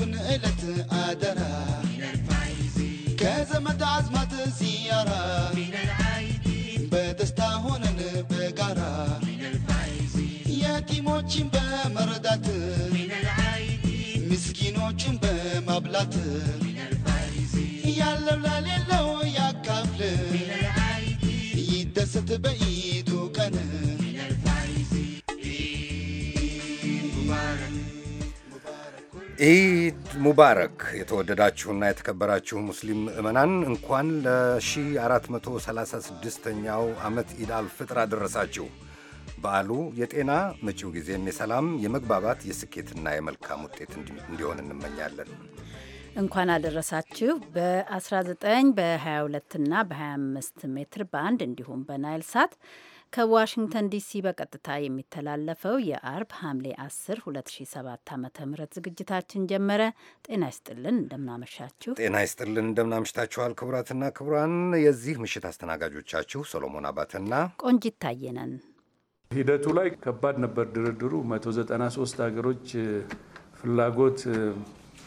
የዕለቱን ዕለት አደራ ከዘመድ አዝማት ሲያራ በደስታ ሆነን በጋራ የቲሞችን በመረዳት ምስኪኖችን በማብላት ያለው ለሌለው ያካፍል ይደሰት በኢድ ኢድ ሙባረክ የተወደዳችሁና የተከበራችሁ ሙስሊም ምዕመናን እንኳን ለ1436ኛው ዓመት ኢድ አልፍጥር አደረሳችሁ። በዓሉ የጤና መጪው ጊዜም የሰላም የመግባባት የስኬትና የመልካም ውጤት እንዲሆን እንመኛለን። እንኳን አደረሳችሁ። በ19 በ22ና በ25 ሜትር ባንድ እንዲሁም በናይል ሳት ከዋሽንግተን ዲሲ በቀጥታ የሚተላለፈው የአርብ ሐምሌ 10 2007 ዓ ም ዝግጅታችን ጀመረ። ጤና ይስጥልን እንደምናመሻችሁ። ጤና ይስጥልን እንደምናመሽታችኋል። ክቡራትና ክቡራን የዚህ ምሽት አስተናጋጆቻችሁ ሶሎሞን አባተና ቆንጂት ታየ ሂደቱ ላይ ከባድ ነበር ድርድሩ። 193 ሀገሮች ፍላጎት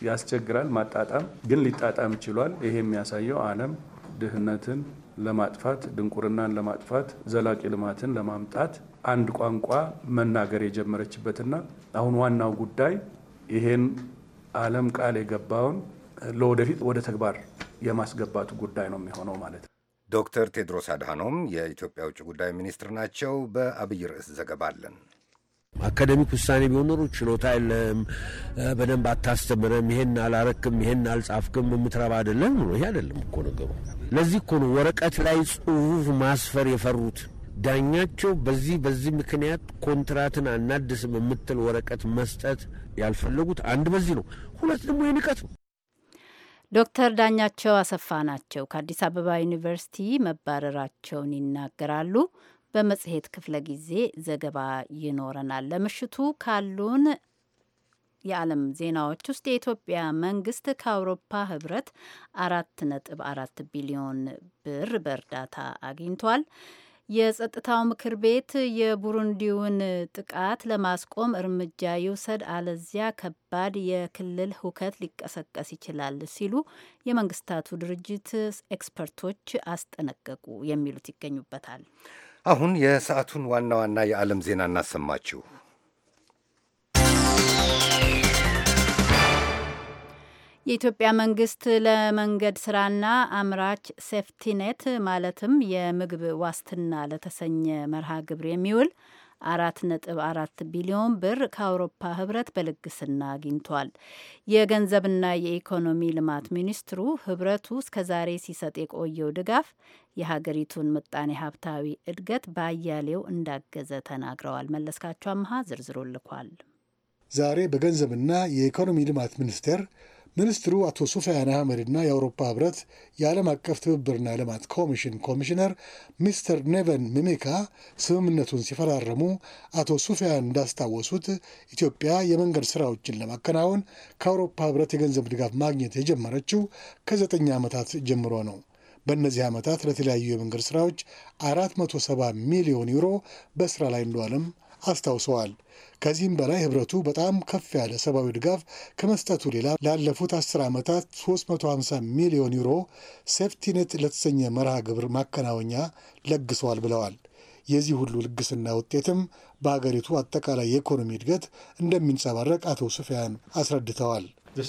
ያስቸግራል ማጣጣም፣ ግን ሊጣጣም ችሏል። ይሄ የሚያሳየው ዓለም ድህነትን ለማጥፋት ድንቁርናን ለማጥፋት ዘላቂ ልማትን ለማምጣት አንድ ቋንቋ መናገር የጀመረችበትና አሁን ዋናው ጉዳይ ይሄን ዓለም ቃል የገባውን ለወደፊት ወደ ተግባር የማስገባቱ ጉዳይ ነው የሚሆነው ማለት ነው። ዶክተር ቴድሮስ አድሃኖም የኢትዮጵያ ውጭ ጉዳይ ሚኒስትር ናቸው። በአብይ ርዕስ ዘገባ አለን። አካደሚክ ውሳኔ ቢሆን ኖሮ ችሎታ የለም፣ በደንብ አታስተምረም፣ ይሄን አላረክም፣ ይሄን አልጻፍክም፣ የምትረባ አይደለም ነው። ይሄ አይደለም እኮ ነገሩ። ለዚህ እኮ ነው ወረቀት ላይ ጽሁፍ ማስፈር የፈሩት። ዳኛቸው በዚህ በዚህ ምክንያት ኮንትራትን አናድስም የምትል ወረቀት መስጠት ያልፈለጉት አንድ በዚህ ነው። ሁለት ደግሞ የንቀት ነው። ዶክተር ዳኛቸው አሰፋ ናቸው። ከአዲስ አበባ ዩኒቨርሲቲ መባረራቸውን ይናገራሉ። በመጽሔት ክፍለ ጊዜ ዘገባ ይኖረናል። ለምሽቱ ካሉን የዓለም ዜናዎች ውስጥ የኢትዮጵያ መንግስት ከአውሮፓ ህብረት አራት ነጥብ አራት ቢሊዮን ብር በእርዳታ አግኝቷል። የጸጥታው ምክር ቤት የቡሩንዲውን ጥቃት ለማስቆም እርምጃ ይውሰድ፣ አለዚያ ከባድ የክልል ሁከት ሊቀሰቀስ ይችላል ሲሉ የመንግስታቱ ድርጅት ኤክስፐርቶች አስጠነቀቁ። የሚሉት ይገኙበታል። አሁን የሰዓቱን ዋና ዋና የዓለም ዜና እናሰማችሁ። የኢትዮጵያ መንግስት ለመንገድ ስራና አምራች ሴፍቲኔት ማለትም የምግብ ዋስትና ለተሰኘ መርሃ ግብር የሚውል አራት ነጥብ አራት ቢሊዮን ብር ከአውሮፓ ህብረት በልግስና አግኝቷል። የገንዘብና የኢኮኖሚ ልማት ሚኒስትሩ ህብረቱ እስከዛሬ ሲሰጥ የቆየው ድጋፍ የሀገሪቱን ምጣኔ ሀብታዊ እድገት በአያሌው እንዳገዘ ተናግረዋል። መለስካቸው አምሃ ዝርዝሮ ልኳል። ዛሬ በገንዘብና የኢኮኖሚ ልማት ሚኒስቴር ሚኒስትሩ አቶ ሱፊያን አህመድና የአውሮፓ ህብረት የዓለም አቀፍ ትብብርና ልማት ኮሚሽን ኮሚሽነር ሚስተር ኔቨን ሚሚካ ስምምነቱን ሲፈራረሙ አቶ ሱፊያን እንዳስታወሱት ኢትዮጵያ የመንገድ ስራዎችን ለማከናወን ከአውሮፓ ህብረት የገንዘብ ድጋፍ ማግኘት የጀመረችው ከዘጠኝ ዓመታት ጀምሮ ነው። በእነዚህ ዓመታት ለተለያዩ የመንገድ ስራዎች 470 ሚሊዮን ዩሮ በስራ ላይ እንደዋለም አስታውሰዋል። ከዚህም በላይ ህብረቱ በጣም ከፍ ያለ ሰብአዊ ድጋፍ ከመስጠቱ ሌላ ላለፉት አስር ዓመታት 350 ሚሊዮን ዩሮ ሴፍቲኔት ለተሰኘ መርሃ ግብር ማከናወኛ ለግሰዋል ብለዋል። የዚህ ሁሉ ልግስና ውጤትም በሀገሪቱ አጠቃላይ የኢኮኖሚ እድገት እንደሚንጸባረቅ አቶ ስፊያን አስረድተዋል። e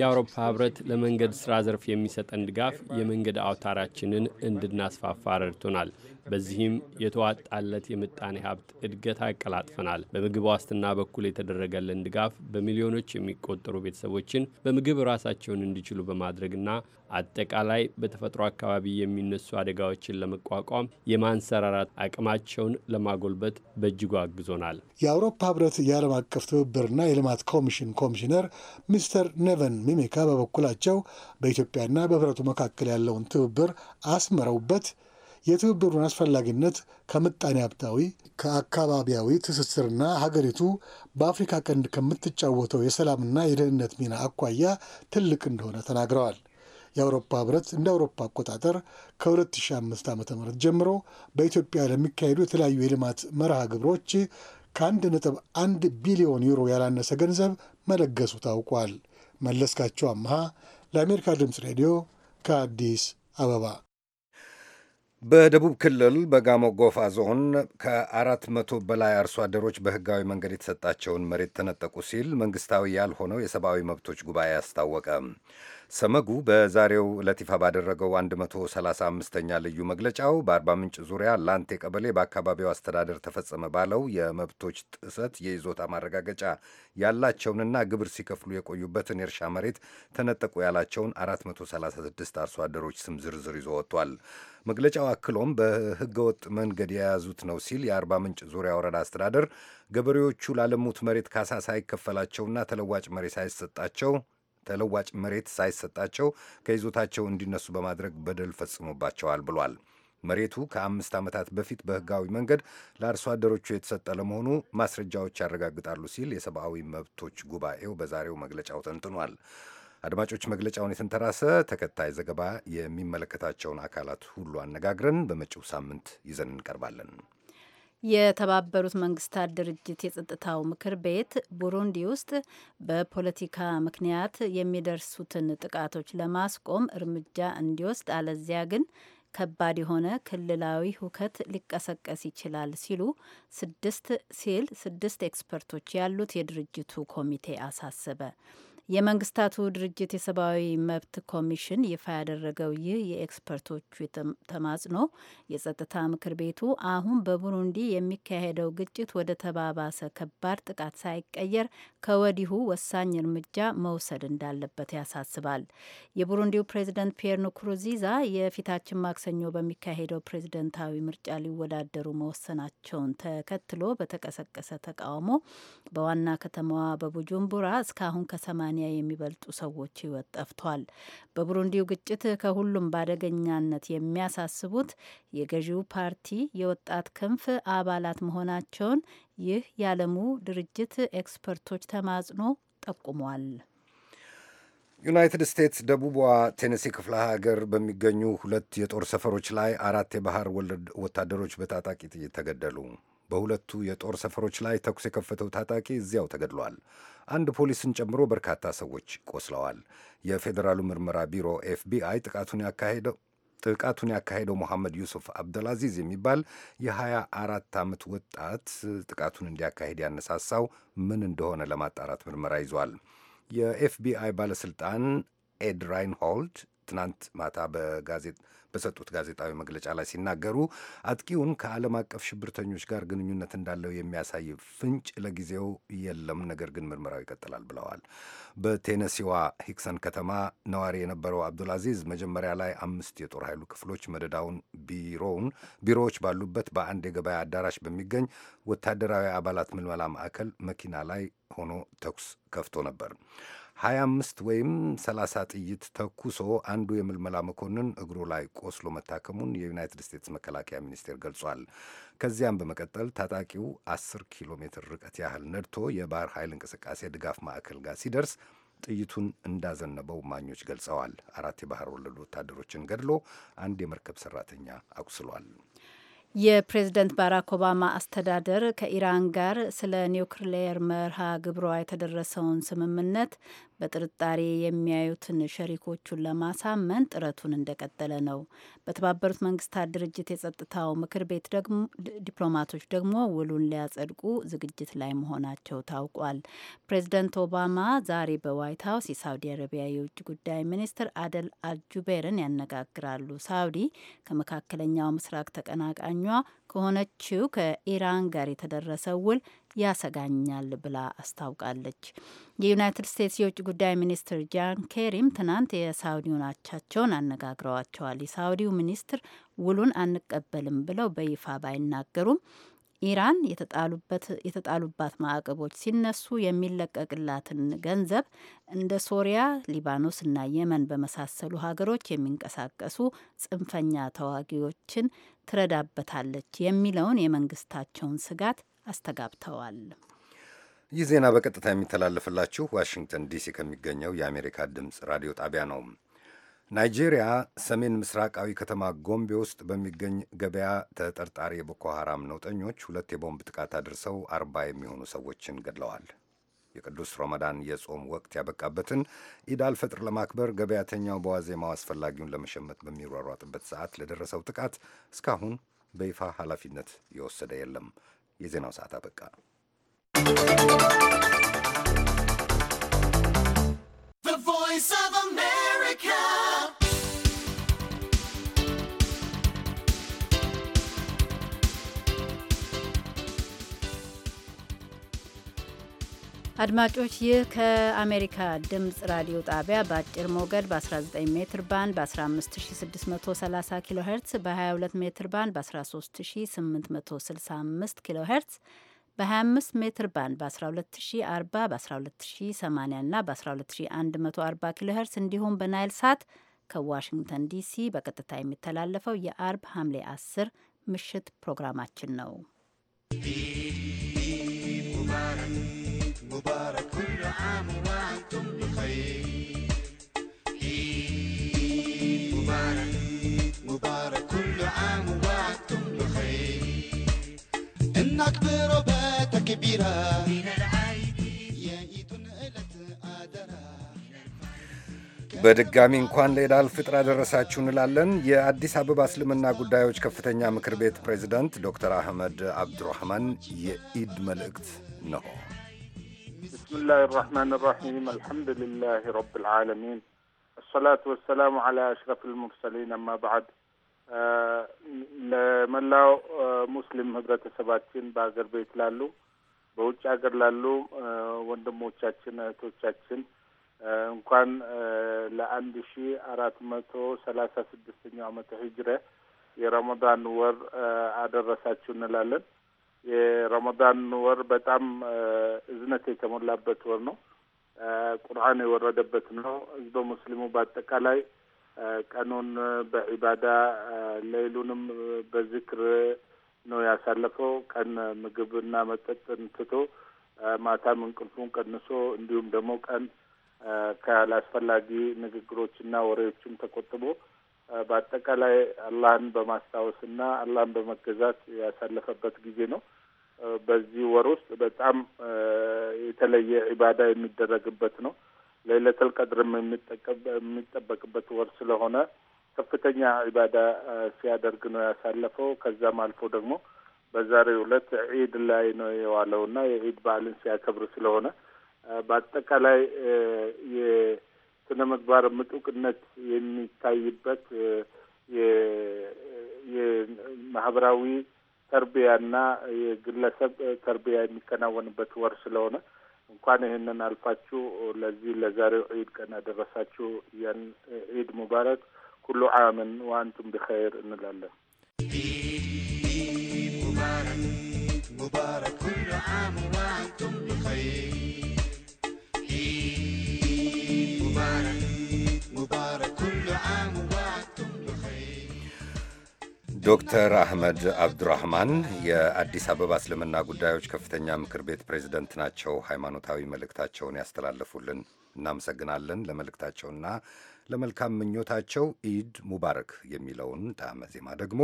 የአውሮፓ ህብረት ለመንገድ ስራ ዘርፍ የሚሰጠን ድጋፍ የመንገድ አውታራችንን እንድናስፋፋ ረድቶናል። በዚህም የተዋጣለት የምጣኔ ሀብት እድገት አቀላጥፈናል። በምግብ ዋስትና በኩል የተደረገልን ድጋፍ በሚሊዮኖች የሚቆጠሩ ቤተሰቦችን በምግብ ራሳቸውን እንዲችሉ በማድረግና አጠቃላይ በተፈጥሮ አካባቢ የሚነሱ አደጋዎችን ለመቋቋም የማንሰራራት አቅማቸውን ለማጎልበት በእጅጉ አግዞናል። የአውሮፓ ህብረት የዓለም አቀፍ ትብብርና የልማት ኮሚሽን ኮሚሽነር ሚስተር ኔቨን ሚሜካ በበኩላቸው በኢትዮጵያና በህብረቱ መካከል ያለውን ትብብር አስምረውበት የትብብሩን አስፈላጊነት ከምጣኔ ሀብታዊ፣ ከአካባቢያዊ ትስስርና ሀገሪቱ በአፍሪካ ቀንድ ከምትጫወተው የሰላምና የደህንነት ሚና አኳያ ትልቅ እንደሆነ ተናግረዋል። የአውሮፓ ህብረት እንደ አውሮፓ አቆጣጠር ከ2005 ዓ ም ጀምሮ በኢትዮጵያ ለሚካሄዱ የተለያዩ የልማት መርሃ ግብሮች ከአንድ ነጥብ አንድ ቢሊዮን ዩሮ ያላነሰ ገንዘብ መለገሱ ታውቋል። መለስካቸው አምሃ ለአሜሪካ ድምፅ ሬዲዮ ከአዲስ አበባ በደቡብ ክልል በጋሞ ጎፋ ዞን ከአራት መቶ በላይ አርሶ አደሮች በህጋዊ መንገድ የተሰጣቸውን መሬት ተነጠቁ ሲል መንግስታዊ ያልሆነው የሰብአዊ መብቶች ጉባኤ አስታወቀ። ሰመጉ በዛሬው ለቲፋ ባደረገው 135ኛ ልዩ መግለጫው በአርባ ምንጭ ዙሪያ ላንቴ ቀበሌ በአካባቢው አስተዳደር ተፈጸመ ባለው የመብቶች ጥሰት የይዞታ ማረጋገጫ ያላቸውንና ግብር ሲከፍሉ የቆዩበትን የእርሻ መሬት ተነጠቁ ያላቸውን 436 አርሶ አደሮች ስም ዝርዝር ይዞ ወጥቷል። መግለጫው አክሎም በህገወጥ መንገድ የያዙት ነው ሲል የአርባ ምንጭ ዙሪያ ወረዳ አስተዳደር ገበሬዎቹ ላለሙት መሬት ካሳ ሳይከፈላቸውና ተለዋጭ መሬት ሳይሰጣቸው ተለዋጭ መሬት ሳይሰጣቸው ከይዞታቸው እንዲነሱ በማድረግ በደል ፈጽሞባቸዋል ብሏል። መሬቱ ከአምስት ዓመታት በፊት በህጋዊ መንገድ ለአርሶ አደሮቹ የተሰጠ ለመሆኑ ማስረጃዎች ያረጋግጣሉ ሲል የሰብአዊ መብቶች ጉባኤው በዛሬው መግለጫው ተንትኗል። አድማጮች፣ መግለጫውን የተንተራሰ ተከታይ ዘገባ የሚመለከታቸውን አካላት ሁሉ አነጋግረን በመጪው ሳምንት ይዘን እንቀርባለን። የተባበሩት መንግስታት ድርጅት የጸጥታው ምክር ቤት ቡሩንዲ ውስጥ በፖለቲካ ምክንያት የሚደርሱትን ጥቃቶች ለማስቆም እርምጃ እንዲወስድ አለዚያ ግን ከባድ የሆነ ክልላዊ ሁከት ሊቀሰቀስ ይችላል ሲሉ ስድስት ሲል ስድስት ኤክስፐርቶች ያሉት የድርጅቱ ኮሚቴ አሳሰበ። የመንግስታቱ ድርጅት የሰብአዊ መብት ኮሚሽን ይፋ ያደረገው ይህ የኤክስፐርቶቹ ተማጽኖ የጸጥታ ምክር ቤቱ አሁን በቡሩንዲ የሚካሄደው ግጭት ወደ ተባባሰ ከባድ ጥቃት ሳይቀየር ከወዲሁ ወሳኝ እርምጃ መውሰድ እንዳለበት ያሳስባል። የቡሩንዲው ፕሬዚደንት ፒየር ንኩሩንዚዛ የፊታችን ማክሰኞ በሚካሄደው ፕሬዝደንታዊ ምርጫ ሊወዳደሩ መወሰናቸውን ተከትሎ በተቀሰቀሰ ተቃውሞ በዋና ከተማዋ በቡጁምቡራ እስካሁን ከሰማ ከሰማኒያ የሚበልጡ ሰዎች ህይወት ጠፍቷል። በቡሩንዲው ግጭት ከሁሉም በአደገኛነት የሚያሳስቡት የገዢው ፓርቲ የወጣት ክንፍ አባላት መሆናቸውን ይህ የዓለሙ ድርጅት ኤክስፐርቶች ተማጽኖ ጠቁሟል። ዩናይትድ ስቴትስ ደቡቧ ቴኔሲ ክፍለ ሀገር በሚገኙ ሁለት የጦር ሰፈሮች ላይ አራት የባህር ወለድ ወታደሮች በታጣቂ ጥይት ተገደሉ። በሁለቱ የጦር ሰፈሮች ላይ ተኩስ የከፈተው ታጣቂ እዚያው ተገድሏል። አንድ ፖሊስን ጨምሮ በርካታ ሰዎች ቆስለዋል። የፌዴራሉ ምርመራ ቢሮ ኤፍቢአይ ጥቃቱን ያካሄደው ጥቃቱን ያካሄደው መሐመድ ዩሱፍ አብደልአዚዝ የሚባል የ24 ዓመት ወጣት ጥቃቱን እንዲያካሄድ ያነሳሳው ምን እንደሆነ ለማጣራት ምርመራ ይዟል። የኤፍቢአይ ባለሥልጣን ኤድ ራይንሆልድ ትናንት ማታ በጋዜጣ በሰጡት ጋዜጣዊ መግለጫ ላይ ሲናገሩ አጥቂውን ከዓለም አቀፍ ሽብርተኞች ጋር ግንኙነት እንዳለው የሚያሳይ ፍንጭ ለጊዜው የለም፣ ነገር ግን ምርመራው ይቀጥላል ብለዋል። በቴነሲዋ ሂክሰን ከተማ ነዋሪ የነበረው አብዱልአዚዝ መጀመሪያ ላይ አምስት የጦር ኃይሉ ክፍሎች መደዳውን ቢሮውን ቢሮዎች ባሉበት በአንድ የገበያ አዳራሽ በሚገኝ ወታደራዊ አባላት ምልመላ ማዕከል መኪና ላይ ሆኖ ተኩስ ከፍቶ ነበር። 25 ወይም 30 ጥይት ተኩሶ አንዱ የምልመላ መኮንን እግሩ ላይ ቆስሎ መታከሙን የዩናይትድ ስቴትስ መከላከያ ሚኒስቴር ገልጿል። ከዚያም በመቀጠል ታጣቂው 10 ኪሎ ሜትር ርቀት ያህል ነድቶ የባህር ኃይል እንቅስቃሴ ድጋፍ ማዕከል ጋር ሲደርስ ጥይቱን እንዳዘነበው ማኞች ገልጸዋል። አራት የባህር ወለድ ወታደሮችን ገድሎ አንድ የመርከብ ሰራተኛ አቁስሏል። የፕሬዝደንት ባራክ ኦባማ አስተዳደር ከኢራን ጋር ስለ ኒውክሌየር መርሃ ግብሯ የተደረሰውን ስምምነት በጥርጣሬ የሚያዩትን ሸሪኮቹን ለማሳመን ጥረቱን እንደቀጠለ ነው። በተባበሩት መንግስታት ድርጅት የጸጥታው ምክር ቤት ዲፕሎማቶች ደግሞ ውሉን ሊያጸድቁ ዝግጅት ላይ መሆናቸው ታውቋል። ፕሬዚደንት ኦባማ ዛሬ በዋይት ሀውስ የሳውዲ አረቢያ የውጭ ጉዳይ ሚኒስትር አደል አልጁቤርን ያነጋግራሉ። ሳውዲ ከመካከለኛው ምስራቅ ተቀናቃኟ ከሆነችው ከኢራን ጋር የተደረሰው ውል ያሰጋኛል ብላ አስታውቃለች። የዩናይትድ ስቴትስ የውጭ ጉዳይ ሚኒስትር ጃን ኬሪም ትናንት የሳውዲውን አቻቸውን አነጋግረዋቸዋል። የሳውዲው ሚኒስትር ውሉን አንቀበልም ብለው በይፋ ባይናገሩም ኢራን የተጣሉባት ማዕቀቦች ሲነሱ የሚለቀቅላትን ገንዘብ እንደ ሶሪያ፣ ሊባኖስ እና የመን በመሳሰሉ ሀገሮች የሚንቀሳቀሱ ጽንፈኛ ተዋጊዎችን ትረዳበታለች የሚለውን የመንግስታቸውን ስጋት አስተጋብተዋል። ይህ ዜና በቀጥታ የሚተላለፍላችሁ ዋሽንግተን ዲሲ ከሚገኘው የአሜሪካ ድምፅ ራዲዮ ጣቢያ ነው። ናይጄሪያ ሰሜን ምስራቃዊ ከተማ ጎምቤ ውስጥ በሚገኝ ገበያ ተጠርጣሪ የቦኮ ሐራም ነውጠኞች ሁለት የቦምብ ጥቃት አድርሰው አርባ የሚሆኑ ሰዎችን ገድለዋል። የቅዱስ ረመዳን የጾም ወቅት ያበቃበትን ኢዳል ፈጥር ለማክበር ገበያተኛው በዋዜማው አስፈላጊውን ለመሸመት በሚሯሯጥበት ሰዓት ለደረሰው ጥቃት እስካሁን በይፋ ኃላፊነት የወሰደ የለም። የዜናው ሰዓት አበቃ። አድማጮች ይህ ከአሜሪካ ድምፅ ራዲዮ ጣቢያ በአጭር ሞገድ በ19 ሜትር ባንድ በ15630 ኪሎ ሄርትስ በ22 ሜትር ባንድ በ13865 ኪሎ ሄርትስ በ25 ሜትር ባንድ በ 1240 በ 1280 እና በ12140 ኪሎ ሄርትስ እንዲሁም በናይል ሳት ከዋሽንግተን ዲሲ በቀጥታ የሚተላለፈው የአርብ ሐምሌ 10 ምሽት ፕሮግራማችን ነው። በድጋሚ እንኳን ለኢድ አል አደረሳችሁ እንላለን። የአዲስ አበባ እስልምና ጉዳዮች ከፍተኛ ምክር ቤት ፕሬዚዳንት ዶክተር አህመድ አብዱራህማን የኢድ መልእክት ነው። بسم الله الرحمن الرحيم الحمد لله رب العالمين الصلاة والسلام على أشرف المرسلين أما بعድ ለመላው uh, ሙስሊም ህብረተሰባችን በሀገር ቤት ላሉ በውጭ ሀገር ላሉ uh, ወንድሞቻችን እህቶቻችን uh, እንኳን ለአንድ ሺ አራት መቶ ሰላሳ ስድስተኛው ዓመተ ሂጅረ የረመዳን ወር አደረሳችሁ እንላለን። የረመዳን ወር በጣም እዝነት የተሞላበት ወር ነው። ቁርአን የወረደበት ነው። ህዝበ ሙስሊሙ በአጠቃላይ ቀኑን በዒባዳ ሌሉንም በዝክር ነው ያሳለፈው። ቀን ምግብና መጠጥን ትቶ ማታም እንቅልፉን ቀንሶ እንዲሁም ደግሞ ቀን ካላስፈላጊ ንግግሮችና ወሬዎችም ተቆጥቦ በአጠቃላይ አላህን በማስታወስ እና አላህን በመገዛት ያሳለፈበት ጊዜ ነው። በዚህ ወር ውስጥ በጣም የተለየ ኢባዳ የሚደረግበት ነው። ሌለተል ቀድርም የሚጠበቅበት ወር ስለሆነ ከፍተኛ ኢባዳ ሲያደርግ ነው ያሳለፈው። ከዛም አልፎ ደግሞ በዛሬው ዕለት ዒድ ላይ ነው የዋለው እና የዒድ በዓልን ሲያከብር ስለሆነ በአጠቃላይ ስነ ምግባር ምጡቅነት የሚታይበት የማህበራዊ ተርቢያና የግለሰብ ተርቢያ የሚከናወንበት ወር ስለሆነ እንኳን ይህንን አልፋችሁ ለዚህ ለዛሬው ዒድ ቀን ያደረሳችሁ ያን ዒድ ሙባረክ ኩሉ ዓምን ዋንቱም ብኸይር እንላለን። ሙባረክ ኩሉ ዓም ዋንቱም ብኸይር ዶክተር አህመድ አብዱራህማን የአዲስ አበባ እስልምና ጉዳዮች ከፍተኛ ምክር ቤት ፕሬዝደንት ናቸው። ሃይማኖታዊ መልእክታቸውን ያስተላለፉልን እናመሰግናለን። ለመልእክታቸውና ለመልካም ምኞታቸው ኢድ ሙባረክ የሚለውን ጣዕመ ዜማ ደግሞ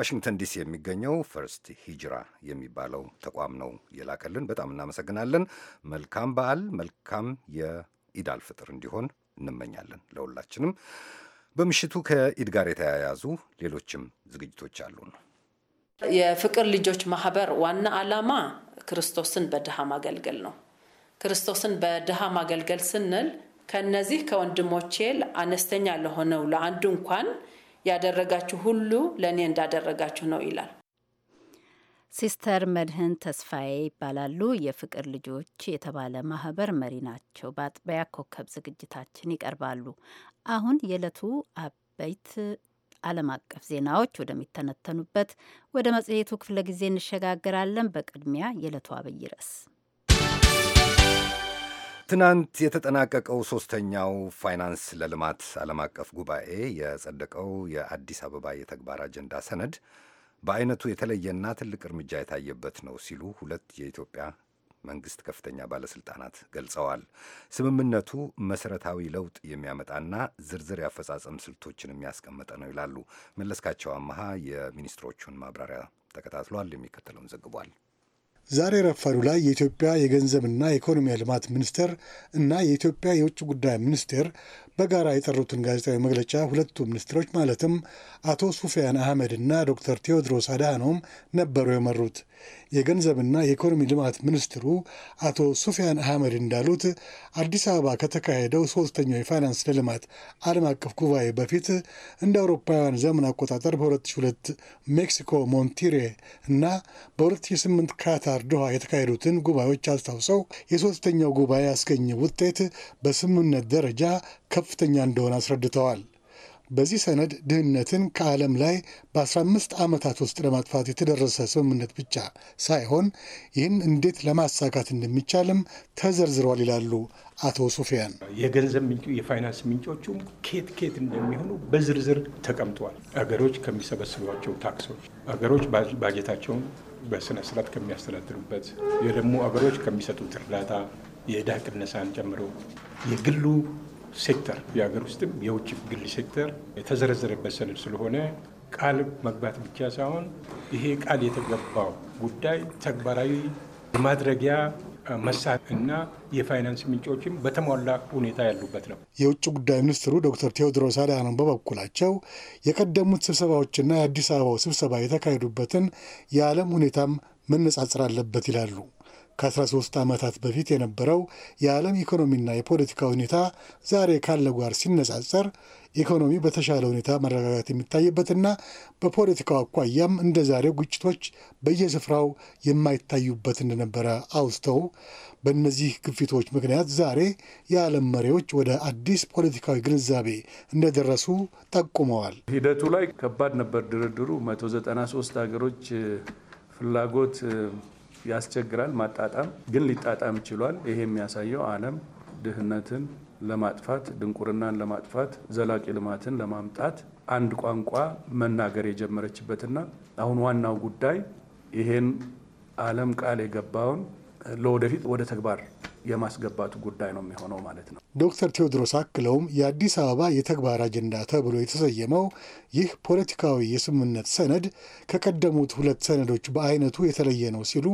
ዋሽንግተን ዲሲ የሚገኘው ፈርስት ሂጅራ የሚባለው ተቋም ነው የላከልን። በጣም እናመሰግናለን። መልካም በዓል፣ መልካም የኢድ አልፍጥር እንዲሆን እንመኛለን ለሁላችንም። በምሽቱ ከኢድ ጋር የተያያዙ ሌሎችም ዝግጅቶች አሉን። የፍቅር ልጆች ማህበር ዋና ዓላማ ክርስቶስን በድሃ ማገልገል ነው። ክርስቶስን በድሃ ማገልገል ስንል ከነዚህ ከወንድሞቼ አነስተኛ ለሆነው ለአንዱ እንኳን ያደረጋችሁ ሁሉ ለእኔ እንዳደረጋችሁ ነው ይላል። ሲስተር መድህን ተስፋዬ ይባላሉ። የፍቅር ልጆች የተባለ ማህበር መሪ ናቸው። በአጥቢያ ኮከብ ዝግጅታችን ይቀርባሉ። አሁን የዕለቱ አበይት ዓለም አቀፍ ዜናዎች ወደሚተነተኑበት ወደ መጽሔቱ ክፍለ ጊዜ እንሸጋገራለን። በቅድሚያ የዕለቱ አብይ ርዕስ ትናንት የተጠናቀቀው ሶስተኛው ፋይናንስ ለልማት ዓለም አቀፍ ጉባኤ የጸደቀው የአዲስ አበባ የተግባር አጀንዳ ሰነድ በአይነቱ የተለየና ትልቅ እርምጃ የታየበት ነው ሲሉ ሁለት የኢትዮጵያ መንግስት ከፍተኛ ባለስልጣናት ገልጸዋል። ስምምነቱ መሰረታዊ ለውጥ የሚያመጣና ዝርዝር ያፈጻጸም ስልቶችን የሚያስቀምጠ ነው ይላሉ። መለስካቸው አመሃ የሚኒስትሮቹን ማብራሪያ ተከታትሏል። የሚከተለውን ዘግቧል። ዛሬ ረፋዱ ላይ የኢትዮጵያ የገንዘብና የኢኮኖሚ ልማት ሚኒስቴር እና የኢትዮጵያ የውጭ ጉዳይ ሚኒስቴር በጋራ የጠሩትን ጋዜጣዊ መግለጫ ሁለቱ ሚኒስትሮች ማለትም አቶ ሱፊያን አህመድ እና ዶክተር ቴዎድሮስ አድሃኖም ነበሩ የመሩት። የገንዘብና የኢኮኖሚ ልማት ሚኒስትሩ አቶ ሱፊያን አህመድ እንዳሉት አዲስ አበባ ከተካሄደው ሶስተኛው የፋይናንስ ለልማት ዓለም አቀፍ ጉባኤ በፊት እንደ አውሮፓውያን ዘመን አቆጣጠር በ2002 ሜክሲኮ ሞንቲሬ እና በ2008 ካታር ጋር ዶሃ የተካሄዱትን ጉባኤዎች አስታውሰው የሶስተኛው ጉባኤ ያስገኘ ውጤት በስምምነት ደረጃ ከፍተኛ እንደሆነ አስረድተዋል። በዚህ ሰነድ ድህነትን ከዓለም ላይ በ15 ዓመታት ውስጥ ለማጥፋት የተደረሰ ስምምነት ብቻ ሳይሆን ይህን እንዴት ለማሳካት እንደሚቻልም ተዘርዝረዋል ይላሉ አቶ ሱፊያን። የገንዘብ ምንጩ የፋይናንስ ምንጮቹም ኬት ኬት እንደሚሆኑ በዝርዝር ተቀምጠዋል። አገሮች ከሚሰበስቧቸው ታክሶች አገሮች ባጀታቸውን በስነ ስርዓት ከሚያስተዳድሩበት የደሙ አገሮች ከሚሰጡት እርዳታ የዕዳ ቅነሳን ጨምሮ የግሉ ሴክተር የሀገር ውስጥም የውጭ ግል ሴክተር የተዘረዘረበት ሰነድ ስለሆነ ቃል መግባት ብቻ ሳይሆን ይሄ ቃል የተገባው ጉዳይ ተግባራዊ ማድረጊያ መሳት እና የፋይናንስ ምንጮችም በተሟላ ሁኔታ ያሉበት ነው። የውጭ ጉዳይ ሚኒስትሩ ዶክተር ቴዎድሮስ አድሃኖም በበኩላቸው የቀደሙት ስብሰባዎችና የአዲስ አበባው ስብሰባ የተካሄዱበትን የዓለም ሁኔታም መነጻጽር አለበት ይላሉ። ከ13 ዓመታት በፊት የነበረው የዓለም ኢኮኖሚና የፖለቲካ ሁኔታ ዛሬ ካለ ጋር ሲነጻጸር ኢኮኖሚ በተሻለ ሁኔታ መረጋጋት የሚታይበትና በፖለቲካው አኳያም እንደ ዛሬው ግጭቶች በየስፍራው የማይታዩበት እንደነበረ አውስተው በእነዚህ ግፊቶች ምክንያት ዛሬ የዓለም መሪዎች ወደ አዲስ ፖለቲካዊ ግንዛቤ እንደደረሱ ጠቁመዋል። ሂደቱ ላይ ከባድ ነበር ድርድሩ 193 ሀገሮች ፍላጎት ያስቸግራል ማጣጣም፣ ግን ሊጣጣም ችሏል። ይሄ የሚያሳየው ዓለም ድህነትን ለማጥፋት ድንቁርናን ለማጥፋት ዘላቂ ልማትን ለማምጣት አንድ ቋንቋ መናገር የጀመረችበትና አሁን ዋናው ጉዳይ ይሄን ዓለም ቃል የገባውን ለወደፊት ወደ ተግባር የማስገባቱ ጉዳይ ነው የሚሆነው ማለት ነው። ዶክተር ቴዎድሮስ አክለውም የአዲስ አበባ የተግባር አጀንዳ ተብሎ የተሰየመው ይህ ፖለቲካዊ የስምምነት ሰነድ ከቀደሙት ሁለት ሰነዶች በአይነቱ የተለየ ነው ሲሉ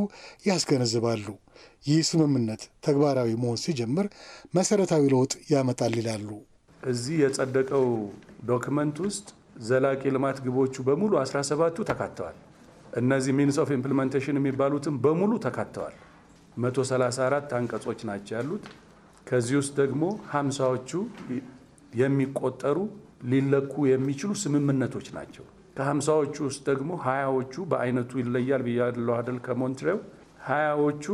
ያስገነዝባሉ። ይህ ስምምነት ተግባራዊ መሆን ሲጀምር መሰረታዊ ለውጥ ያመጣል ይላሉ። እዚህ የጸደቀው ዶክመንት ውስጥ ዘላቂ ልማት ግቦቹ በሙሉ 17ቱ ተካተዋል። እነዚህ ሚንስ ኦፍ ኢምፕሊመንቴሽን የሚባሉትም በሙሉ ተካተዋል። 134 አንቀጾች ናቸው ያሉት። ከዚህ ውስጥ ደግሞ ሀምሳዎቹ የሚቆጠሩ ሊለኩ የሚችሉ ስምምነቶች ናቸው። ከሀምሳዎቹ ውስጥ ደግሞ ሀያዎቹ በአይነቱ ይለያል ብያለሁ አይደል? ከሞንትሬው ሀያዎቹ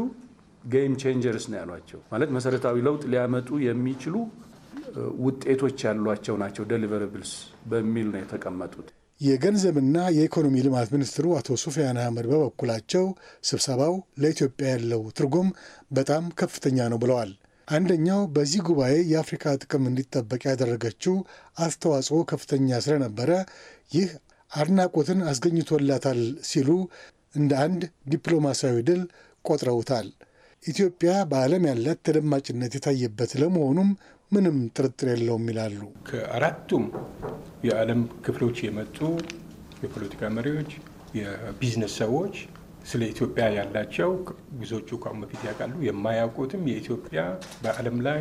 ጌም ቼንጀርስ ነው ያሏቸው። ማለት መሰረታዊ ለውጥ ሊያመጡ የሚችሉ ውጤቶች ያሏቸው ናቸው ዴሊቨራብልስ በሚል ነው የተቀመጡት። የገንዘብና የኢኮኖሚ ልማት ሚኒስትሩ አቶ ሱፊያን አህመድ በበኩላቸው ስብሰባው ለኢትዮጵያ ያለው ትርጉም በጣም ከፍተኛ ነው ብለዋል። አንደኛው በዚህ ጉባኤ የአፍሪካ ጥቅም እንዲጠበቅ ያደረገችው አስተዋጽኦ ከፍተኛ ስለነበረ ይህ አድናቆትን አስገኝቶላታል ሲሉ እንደ አንድ ዲፕሎማሲያዊ ድል ቆጥረውታል። ኢትዮጵያ በዓለም ያላት ተደማጭነት የታየበት ለመሆኑም ምንም ጥርጥር የለውም ይላሉ። ከአራቱም የዓለም ክፍሎች የመጡ የፖለቲካ መሪዎች፣ የቢዝነስ ሰዎች ስለ ኢትዮጵያ ያላቸው ብዙዎቹ ከአሁን በፊት ያውቃሉ። የማያውቁትም የኢትዮጵያ በዓለም ላይ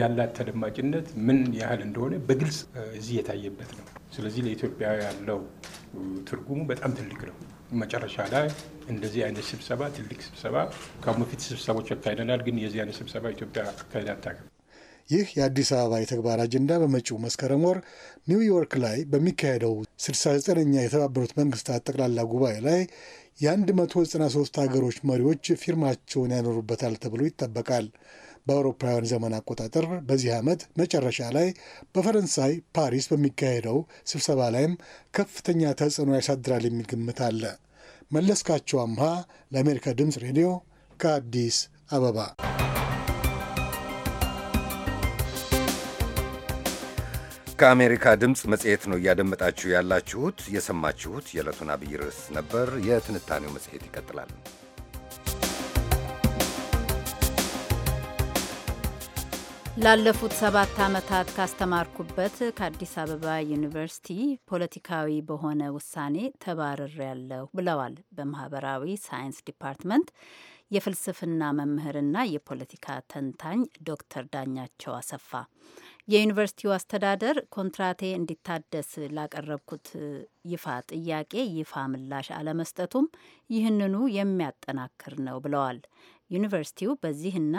ያላት ተደማጭነት ምን ያህል እንደሆነ በግልጽ እዚህ የታየበት ነው። ስለዚህ ለኢትዮጵያ ያለው ትርጉሙ በጣም ትልቅ ነው። መጨረሻ ላይ እንደዚህ አይነት ስብሰባ ትልቅ ስብሰባ ከአሁን በፊት ስብሰቦች አካሂደናል፣ ግን የዚህ አይነት ስብሰባ ኢትዮጵያ አካሄዳ አታውቅም። ይህ የአዲስ አበባ የተግባር አጀንዳ በመጪው መስከረም ወር ኒውዮርክ ላይ በሚካሄደው 69ኛ የተባበሩት መንግስታት ጠቅላላ ጉባኤ ላይ የ193 ሀገሮች መሪዎች ፊርማቸውን ያኖሩበታል ተብሎ ይጠበቃል። በአውሮፓውያን ዘመን አቆጣጠር በዚህ ዓመት መጨረሻ ላይ በፈረንሳይ ፓሪስ በሚካሄደው ስብሰባ ላይም ከፍተኛ ተጽዕኖ ያሳድራል የሚል ግምት አለ። መለስካቸው አምሃ ለአሜሪካ ድምፅ ሬዲዮ ከአዲስ አበባ ከአሜሪካ ድምፅ መጽሔት ነው እያደመጣችሁ ያላችሁት። የሰማችሁት የዕለቱን አብይ ርዕስ ነበር። የትንታኔው መጽሔት ይቀጥላል። ላለፉት ሰባት ዓመታት ካስተማርኩበት ከአዲስ አበባ ዩኒቨርሲቲ ፖለቲካዊ በሆነ ውሳኔ ተባርሬያለሁ ብለዋል በማህበራዊ ሳይንስ ዲፓርትመንት የፍልስፍና መምህርና የፖለቲካ ተንታኝ ዶክተር ዳኛቸው አሰፋ። የዩኒቨርሲቲው አስተዳደር ኮንትራቴ እንዲታደስ ላቀረብኩት ይፋ ጥያቄ ይፋ ምላሽ አለመስጠቱም ይህንኑ የሚያጠናክር ነው ብለዋል። ዩኒቨርሲቲው በዚህና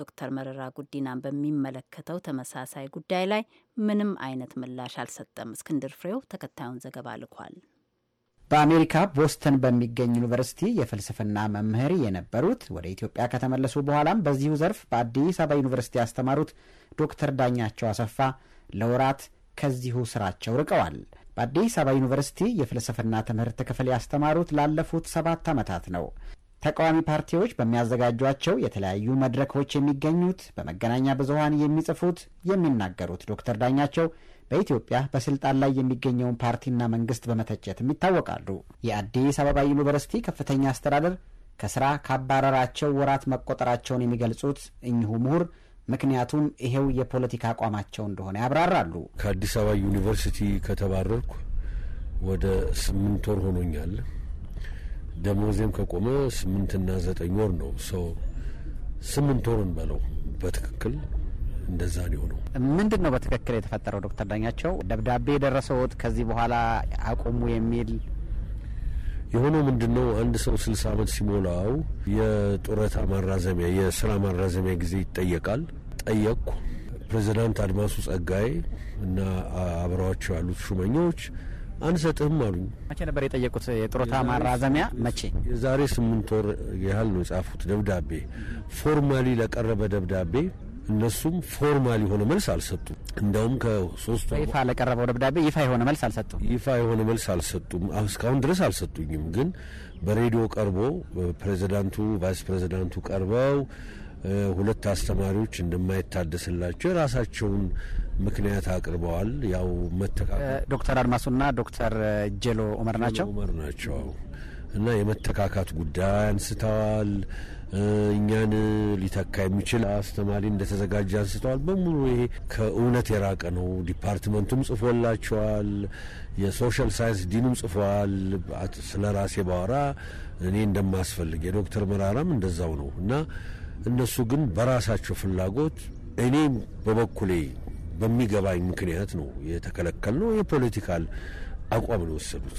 ዶክተር መረራ ጉዲናን በሚመለከተው ተመሳሳይ ጉዳይ ላይ ምንም አይነት ምላሽ አልሰጠም። እስክንድር ፍሬው ተከታዩን ዘገባ ልኳል። በአሜሪካ ቦስተን በሚገኝ ዩኒቨርሲቲ የፍልስፍና መምህር የነበሩት ወደ ኢትዮጵያ ከተመለሱ በኋላም በዚሁ ዘርፍ በአዲስ አበባ ዩኒቨርሲቲ ያስተማሩት ዶክተር ዳኛቸው አሰፋ ለወራት ከዚሁ ስራቸው ርቀዋል። በአዲስ አበባ ዩኒቨርሲቲ የፍልስፍና ትምህርት ክፍል ያስተማሩት ላለፉት ሰባት ዓመታት ነው። ተቃዋሚ ፓርቲዎች በሚያዘጋጇቸው የተለያዩ መድረኮች የሚገኙት፣ በመገናኛ ብዙሃን የሚጽፉት፣ የሚናገሩት ዶክተር ዳኛቸው በኢትዮጵያ በስልጣን ላይ የሚገኘውን ፓርቲና መንግስት በመተቸትም ይታወቃሉ። የአዲስ አበባ ዩኒቨርሲቲ ከፍተኛ አስተዳደር ከስራ ካባረራቸው ወራት መቆጠራቸውን የሚገልጹት እኚሁ ምሁር ምክንያቱም ይሄው የፖለቲካ አቋማቸው እንደሆነ ያብራራሉ። ከአዲስ አበባ ዩኒቨርሲቲ ከተባረርኩ ወደ ስምንት ወር ሆኖኛል። ደሞዜም ከቆመ ስምንትና ዘጠኝ ወር ነው። ሰው ስምንት ወር እንበለው በትክክል እንደዛ ነው የሆነው። ምንድን ነው በትክክል የተፈጠረው? ዶክተር ዳኛቸው ደብዳቤ የደረሰውት ከዚህ በኋላ አቁሙ የሚል የሆነው ምንድን ነው? አንድ ሰው ስልሳ ዓመት ሲሞላው የጡረታ ማራዘሚያ የስራ ማራዘሚያ ጊዜ ይጠየቃል። ጠየቅኩ። ፕሬዚዳንት አድማሱ ጸጋዬ እና አብረዋቸው ያሉት ሹመኞች አንሰጥህም አሉኝ። መቼ ነበር የጠየቁት? የጡረታ ማራዘሚያ መቼ? የዛሬ ስምንት ወር ያህል ነው የጻፉት ደብዳቤ። ፎርማሊ ለቀረበ ደብዳቤ እነሱም ፎርማል የሆነ መልስ አልሰጡም። እንደውም ከሶስቱ ይፋ ለቀረበው ደብዳቤ ይፋ የሆነ መልስ አልሰጡም። ይፋ የሆነ መልስ አልሰጡም። እስካሁን ድረስ አልሰጡኝም። ግን በሬዲዮ ቀርቦ ፕሬዚዳንቱ፣ ቫይስ ፕሬዚዳንቱ ቀርበው ሁለት አስተማሪዎች እንደማይታደስላቸው የራሳቸውን ምክንያት አቅርበዋል። ያው መተካከል ዶክተር አድማሱና ዶክተር ጀሎ ኦመር ናቸው ኦመር ናቸው እና የመተካካት ጉዳይ አንስተዋል። እኛን ሊተካ የሚችል አስተማሪ እንደተዘጋጀ አንስተዋል። በሙሉ ይሄ ከእውነት የራቀ ነው። ዲፓርትመንቱም ጽፎላቸዋል። የሶሻል ሳይንስ ዲንም ጽፏል። ስለ ራሴ ባወራ እኔ እንደማስፈልግ የዶክተር መራራም እንደዛው ነው እና እነሱ ግን በራሳቸው ፍላጎት እኔም በበኩሌ በሚገባኝ ምክንያት ነው የተከለከል ነው የፖለቲካል አቋም ነው ወሰዱት።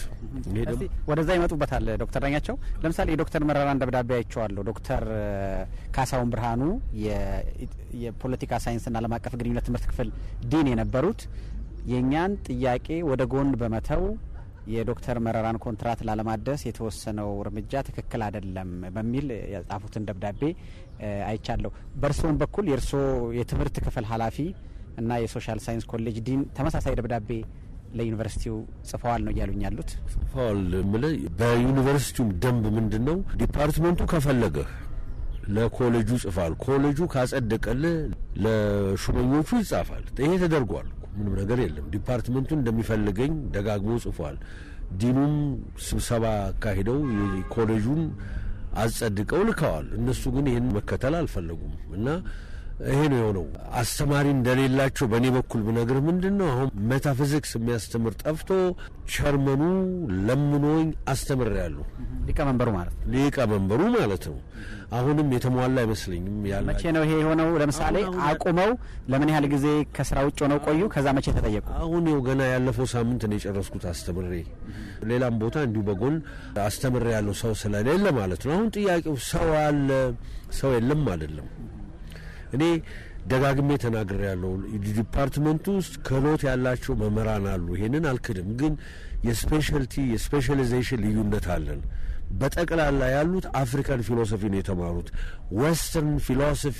ወደዛ ይመጡበታል ዶክተር ዳኛቸው። ለምሳሌ የዶክተር መረራን ደብዳቤ አይቼዋለሁ። ዶክተር ካሳሁን ብርሃኑ የፖለቲካ ሳይንስና ዓለም አቀፍ ግንኙነት ትምህርት ክፍል ዲን የነበሩት የእኛን ጥያቄ ወደ ጎን በመተው የዶክተር መረራን ኮንትራት ላለማደስ የተወሰነው እርምጃ ትክክል አይደለም በሚል ያጻፉትን ደብዳቤ አይቻለሁ። በእርስዎም በኩል የእርስዎ የትምህርት ክፍል ኃላፊ እና የሶሻል ሳይንስ ኮሌጅ ዲን ተመሳሳይ ደብዳቤ ለዩኒቨርሲቲው ጽፈዋል ነው እያሉኝ ያሉት? ጽፈዋል የምልህ በዩኒቨርሲቲውም ደንብ ምንድን ነው ዲፓርትመንቱ ከፈለገህ ለኮሌጁ ጽፋል፣ ኮሌጁ ካጸደቀልህ ለሹመኞቹ ይጻፋል። ይሄ ተደርጓል። ምንም ነገር የለም። ዲፓርትመንቱ እንደሚፈልገኝ ደጋግሞ ጽፏል። ዲኑም ስብሰባ አካሂደው ኮሌጁን አጸድቀው ልከዋል። እነሱ ግን ይህን መከተል አልፈለጉም እና ይሄ ነው የሆነው። አስተማሪ እንደሌላቸው በእኔ በኩል ብነግር ምንድን ነው አሁን ሜታፊዚክስ የሚያስተምር ጠፍቶ ቸርመኑ ለምኖኝ አስተምር ያሉ ሊቀመንበሩ ማለት ነው ሊቀመንበሩ ማለት ነው። አሁንም የተሟላ አይመስለኝም። ያለ መቼ ነው ይሄ የሆነው? ለምሳሌ አቁመው ለምን ያህል ጊዜ ከስራ ውጭ ሆነው ቆዩ? ከዛ መቼ ተጠየቁ? አሁን ው ገና ያለፈው ሳምንት ነው የጨረስኩት አስተምሬ። ሌላም ቦታ እንዲሁ በጎን አስተምሬ ያለው ሰው ስለሌለ ማለት ነው። አሁን ጥያቄው ሰው አለ ሰው የለም አይደለም እኔ ደጋግሜ ተናግሬ ያለው ዲፓርትመንቱ ውስጥ ክህሎት ያላቸው መምህራን አሉ። ይሄንን አልክድም። ግን የስፔሻልቲ የስፔሻላይዜሽን ልዩነት አለን። በጠቅላላ ያሉት አፍሪካን ፊሎሶፊ ነው የተማሩት። ዌስተርን ፊሎሶፊ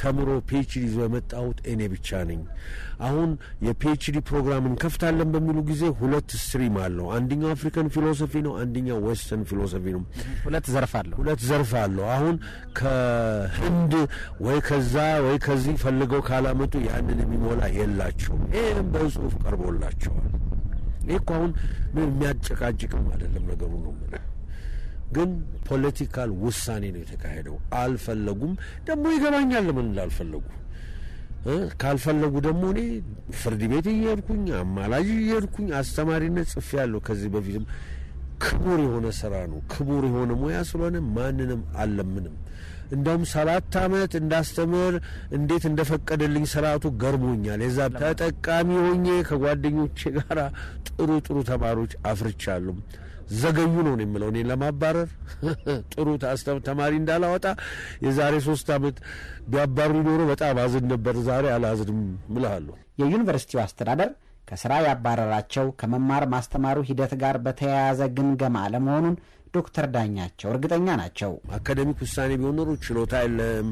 ተምሮ ፒኤችዲ ይዞ የመጣሁት እኔ ብቻ ነኝ። አሁን የፒኤችዲ ፕሮግራም እንከፍታለን በሚሉ ጊዜ ሁለት ስትሪም አለው። አንደኛው አፍሪካን ፊሎሶፊ ነው፣ አንድኛው ዌስተርን ፊሎሶፊ ነው። ሁለት ዘርፍ አለው። ሁለት ዘርፍ አለው። አሁን ከህንድ ወይ ከዛ ወይ ከዚህ ፈልገው ካላመጡ ያንን የሚሞላ የላቸውም። ይህም በጽሁፍ ቀርቦላቸዋል። ይህ እኮ አሁን ምን የሚያጨቃጭቅም አይደለም ነገሩ ነው። ግን ፖለቲካል ውሳኔ ነው የተካሄደው። አልፈለጉም ደግሞ ይገባኛል ለምን እንዳልፈለጉ። ካልፈለጉ ደግሞ እኔ ፍርድ ቤት እየሄድኩኝ አማላጅ እየሄድኩኝ አስተማሪነት ጽፍ ያለሁ ከዚህ በፊትም ክቡር የሆነ ስራ ነው፣ ክቡር የሆነ ሙያ ስለሆነ ማንንም አለምንም። እንደውም ሰባት አመት እንዳስተምር እንዴት እንደፈቀደልኝ ስርዓቱ ገርሞኛል። የዛ ተጠቃሚ ሆኜ ከጓደኞቼ ጋር ጥሩ ጥሩ ተማሪዎች አፍርቻለሁ። ዘገዩ ነው የምለው እኔ ለማባረር ጥሩ ተማሪ እንዳላወጣ የዛሬ ሶስት ዓመት ቢያባሩ ኖሮ በጣም አዝን ነበር። ዛሬ አላዝንም ምልሃሉ። የዩኒቨርሲቲው አስተዳደር ከስራ ያባረራቸው ከመማር ማስተማሩ ሂደት ጋር በተያያዘ ግምገማ አለመሆኑን ዶክተር ዳኛቸው እርግጠኛ ናቸው። አካደሚክ ውሳኔ ቢሆን ኖሮ ችሎታ የለም፣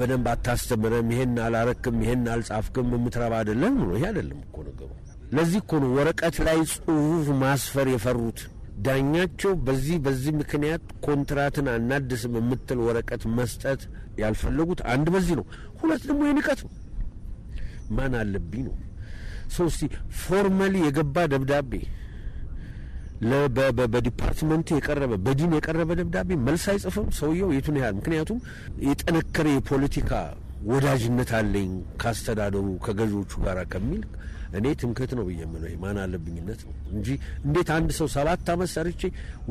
በደንብ አታስተምረም፣ ይሄን አላረክም፣ ይሄን አልጻፍክም፣ የምትረባ አይደለም። ይሄ አደለም እኮ ነገሩ። ለዚህ እኮ ነው ወረቀት ላይ ጽሁፍ ማስፈር የፈሩት። ዳኛቸው በዚህ በዚህ ምክንያት ኮንትራትን አናድስም የምትል ወረቀት መስጠት ያልፈለጉት አንድ በዚህ ነው። ሁለት ደግሞ የንቀት ነው። ማን አለብኝ ነው። ሶስቲ ፎርማሊ የገባ ደብዳቤ በዲፓርትመንቱ የቀረበ በዲን የቀረበ ደብዳቤ መልስ አይጽፍም ሰውየው የቱን ያህል ምክንያቱም የጠነከረ የፖለቲካ ወዳጅነት አለኝ ካስተዳደሩ ከገዢዎቹ ጋር ከሚል እኔ ትምክህት ነው ብዬ የምለው ማን አለብኝነት ነው እንጂ እንዴት አንድ ሰው ሰባት አመት ሰርቼ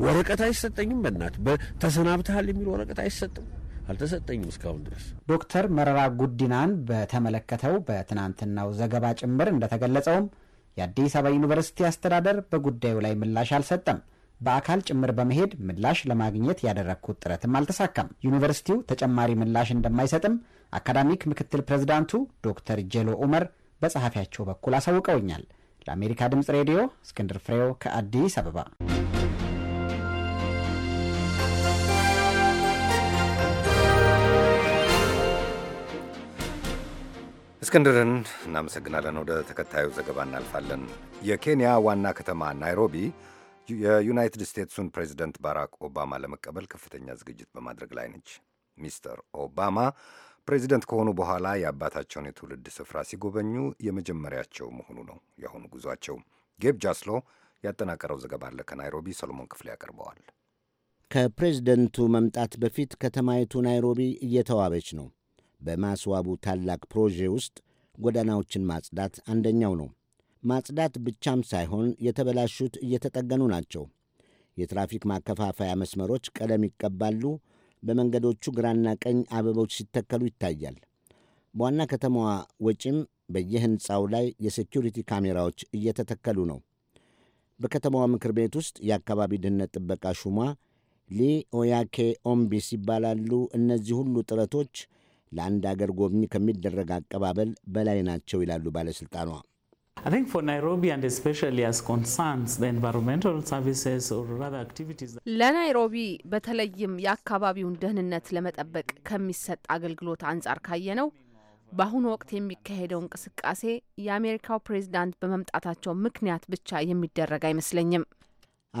ወረቀት አይሰጠኝም? በእናት ተሰናብተሃል የሚል ወረቀት አይሰጥም። አልተሰጠኝም እስካሁን ድረስ። ዶክተር መረራ ጉዲናን በተመለከተው በትናንትናው ዘገባ ጭምር እንደተገለጸውም የአዲስ አበባ ዩኒቨርሲቲ አስተዳደር በጉዳዩ ላይ ምላሽ አልሰጠም። በአካል ጭምር በመሄድ ምላሽ ለማግኘት ያደረግኩት ጥረትም አልተሳካም። ዩኒቨርሲቲው ተጨማሪ ምላሽ እንደማይሰጥም አካዳሚክ ምክትል ፕሬዝዳንቱ ዶክተር ጀሎ ኡመር በጸሐፊያቸው በኩል አሳውቀውኛል። ለአሜሪካ ድምፅ ሬዲዮ እስክንድር ፍሬው ከአዲስ አበባ። እስክንድርን እናመሰግናለን። ወደ ተከታዩ ዘገባ እናልፋለን። የኬንያ ዋና ከተማ ናይሮቢ የዩናይትድ ስቴትሱን ፕሬዚደንት ባራክ ኦባማ ለመቀበል ከፍተኛ ዝግጅት በማድረግ ላይ ነች። ሚስተር ኦባማ ፕሬዚደንት ከሆኑ በኋላ የአባታቸውን የትውልድ ስፍራ ሲጎበኙ የመጀመሪያቸው መሆኑ ነው የአሁኑ ጉዟቸው። ጌብ ጃስሎ ያጠናቀረው ዘገባ አለ ከናይሮቢ ሰሎሞን ክፍሌ ያቀርበዋል። ከፕሬዝደንቱ መምጣት በፊት ከተማይቱ ናይሮቢ እየተዋበች ነው። በማስዋቡ ታላቅ ፕሮጄ ውስጥ ጎዳናዎችን ማጽዳት አንደኛው ነው። ማጽዳት ብቻም ሳይሆን የተበላሹት እየተጠገኑ ናቸው። የትራፊክ ማከፋፈያ መስመሮች ቀለም ይቀባሉ፣ በመንገዶቹ ግራና ቀኝ አበቦች ሲተከሉ ይታያል። በዋና ከተማዋ ወጪም በየሕንፃው ላይ የሴኪሪቲ ካሜራዎች እየተተከሉ ነው። በከተማዋ ምክር ቤት ውስጥ የአካባቢ ድህነት ጥበቃ ሹሟ ሊ ኦያኬ ኦምቢስ ይባላሉ። እነዚህ ሁሉ ጥረቶች ለአንድ አገር ጎብኚ ከሚደረግ አቀባበል በላይ ናቸው ይላሉ ባለሥልጣኗ። I think for Nairobi and especially as concerns the environmental services or rather activities ለናይሮቢ በተለይም የአካባቢውን ደህንነት ለመጠበቅ ከሚሰጥ አገልግሎት አንጻር ካየነው በአሁኑ ወቅት የሚካሄደው እንቅስቃሴ የአሜሪካው ፕሬዝዳንት በመምጣታቸው ምክንያት ብቻ የሚደረግ አይመስለኝም።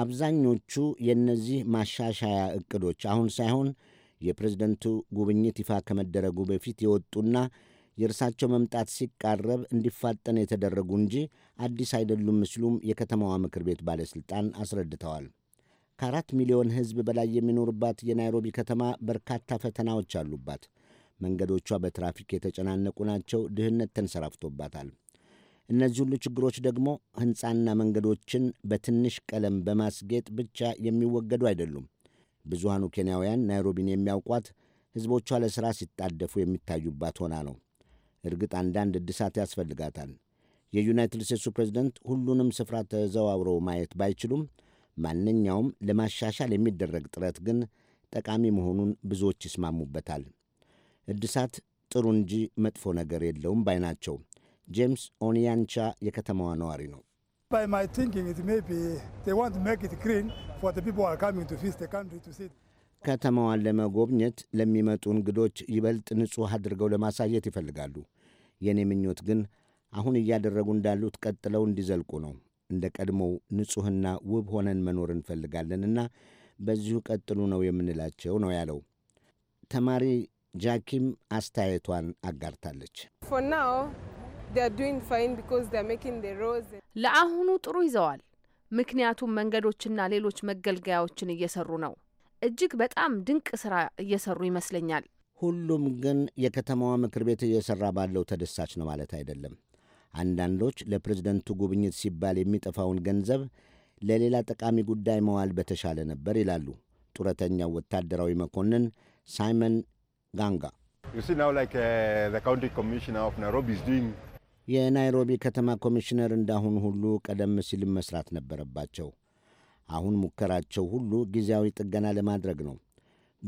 አብዛኞቹ የእነዚህ ማሻሻያ እቅዶች አሁን ሳይሆን የፕሬዝደንቱ ጉብኝት ይፋ ከመደረጉ በፊት የወጡና የእርሳቸው መምጣት ሲቃረብ እንዲፋጠን የተደረጉ እንጂ አዲስ አይደሉም ሲሉም የከተማዋ ምክር ቤት ባለሥልጣን አስረድተዋል። ከአራት ሚሊዮን ሕዝብ በላይ የሚኖርባት የናይሮቢ ከተማ በርካታ ፈተናዎች አሉባት። መንገዶቿ በትራፊክ የተጨናነቁ ናቸው። ድህነት ተንሰራፍቶባታል። እነዚህ ሁሉ ችግሮች ደግሞ ሕንፃና መንገዶችን በትንሽ ቀለም በማስጌጥ ብቻ የሚወገዱ አይደሉም። ብዙሃኑ ኬንያውያን ናይሮቢን የሚያውቋት ሕዝቦቿ ለሥራ ሲጣደፉ የሚታዩባት ሆና ነው። እርግጥ አንዳንድ እድሳት ያስፈልጋታል። የዩናይትድ ስቴትሱ ፕሬዝደንት ሁሉንም ስፍራ ተዘዋውረው ማየት ባይችሉም ማንኛውም ለማሻሻል የሚደረግ ጥረት ግን ጠቃሚ መሆኑን ብዙዎች ይስማሙበታል። እድሳት ጥሩ እንጂ መጥፎ ነገር የለውም ባይ ናቸው። ጄምስ ኦኒያንቻ የከተማዋ ነዋሪ ነው። ከተማዋን ለመጎብኘት ለሚመጡ እንግዶች ይበልጥ ንጹሕ አድርገው ለማሳየት ይፈልጋሉ። የእኔ ምኞት ግን አሁን እያደረጉ እንዳሉት ቀጥለው እንዲዘልቁ ነው። እንደ ቀድሞው ንጹሕና ውብ ሆነን መኖር እንፈልጋለንና በዚሁ ቀጥሉ ነው የምንላቸው ነው ያለው። ተማሪ ጃኪም አስተያየቷን አጋርታለች። ለአሁኑ ጥሩ ይዘዋል፣ ምክንያቱም መንገዶችና ሌሎች መገልገያዎችን እየሰሩ ነው። እጅግ በጣም ድንቅ ስራ እየሰሩ ይመስለኛል። ሁሉም ግን የከተማዋ ምክር ቤት እየሰራ ባለው ተደሳች ነው ማለት አይደለም። አንዳንዶች ለፕሬዝደንቱ ጉብኝት ሲባል የሚጠፋውን ገንዘብ ለሌላ ጠቃሚ ጉዳይ መዋል በተሻለ ነበር ይላሉ። ጡረተኛው ወታደራዊ መኮንን ሳይመን ጋንጋ uh, የናይሮቢ ከተማ ኮሚሽነር እንዳሁን ሁሉ ቀደም ሲልም መስራት ነበረባቸው። አሁን ሙከራቸው ሁሉ ጊዜያዊ ጥገና ለማድረግ ነው።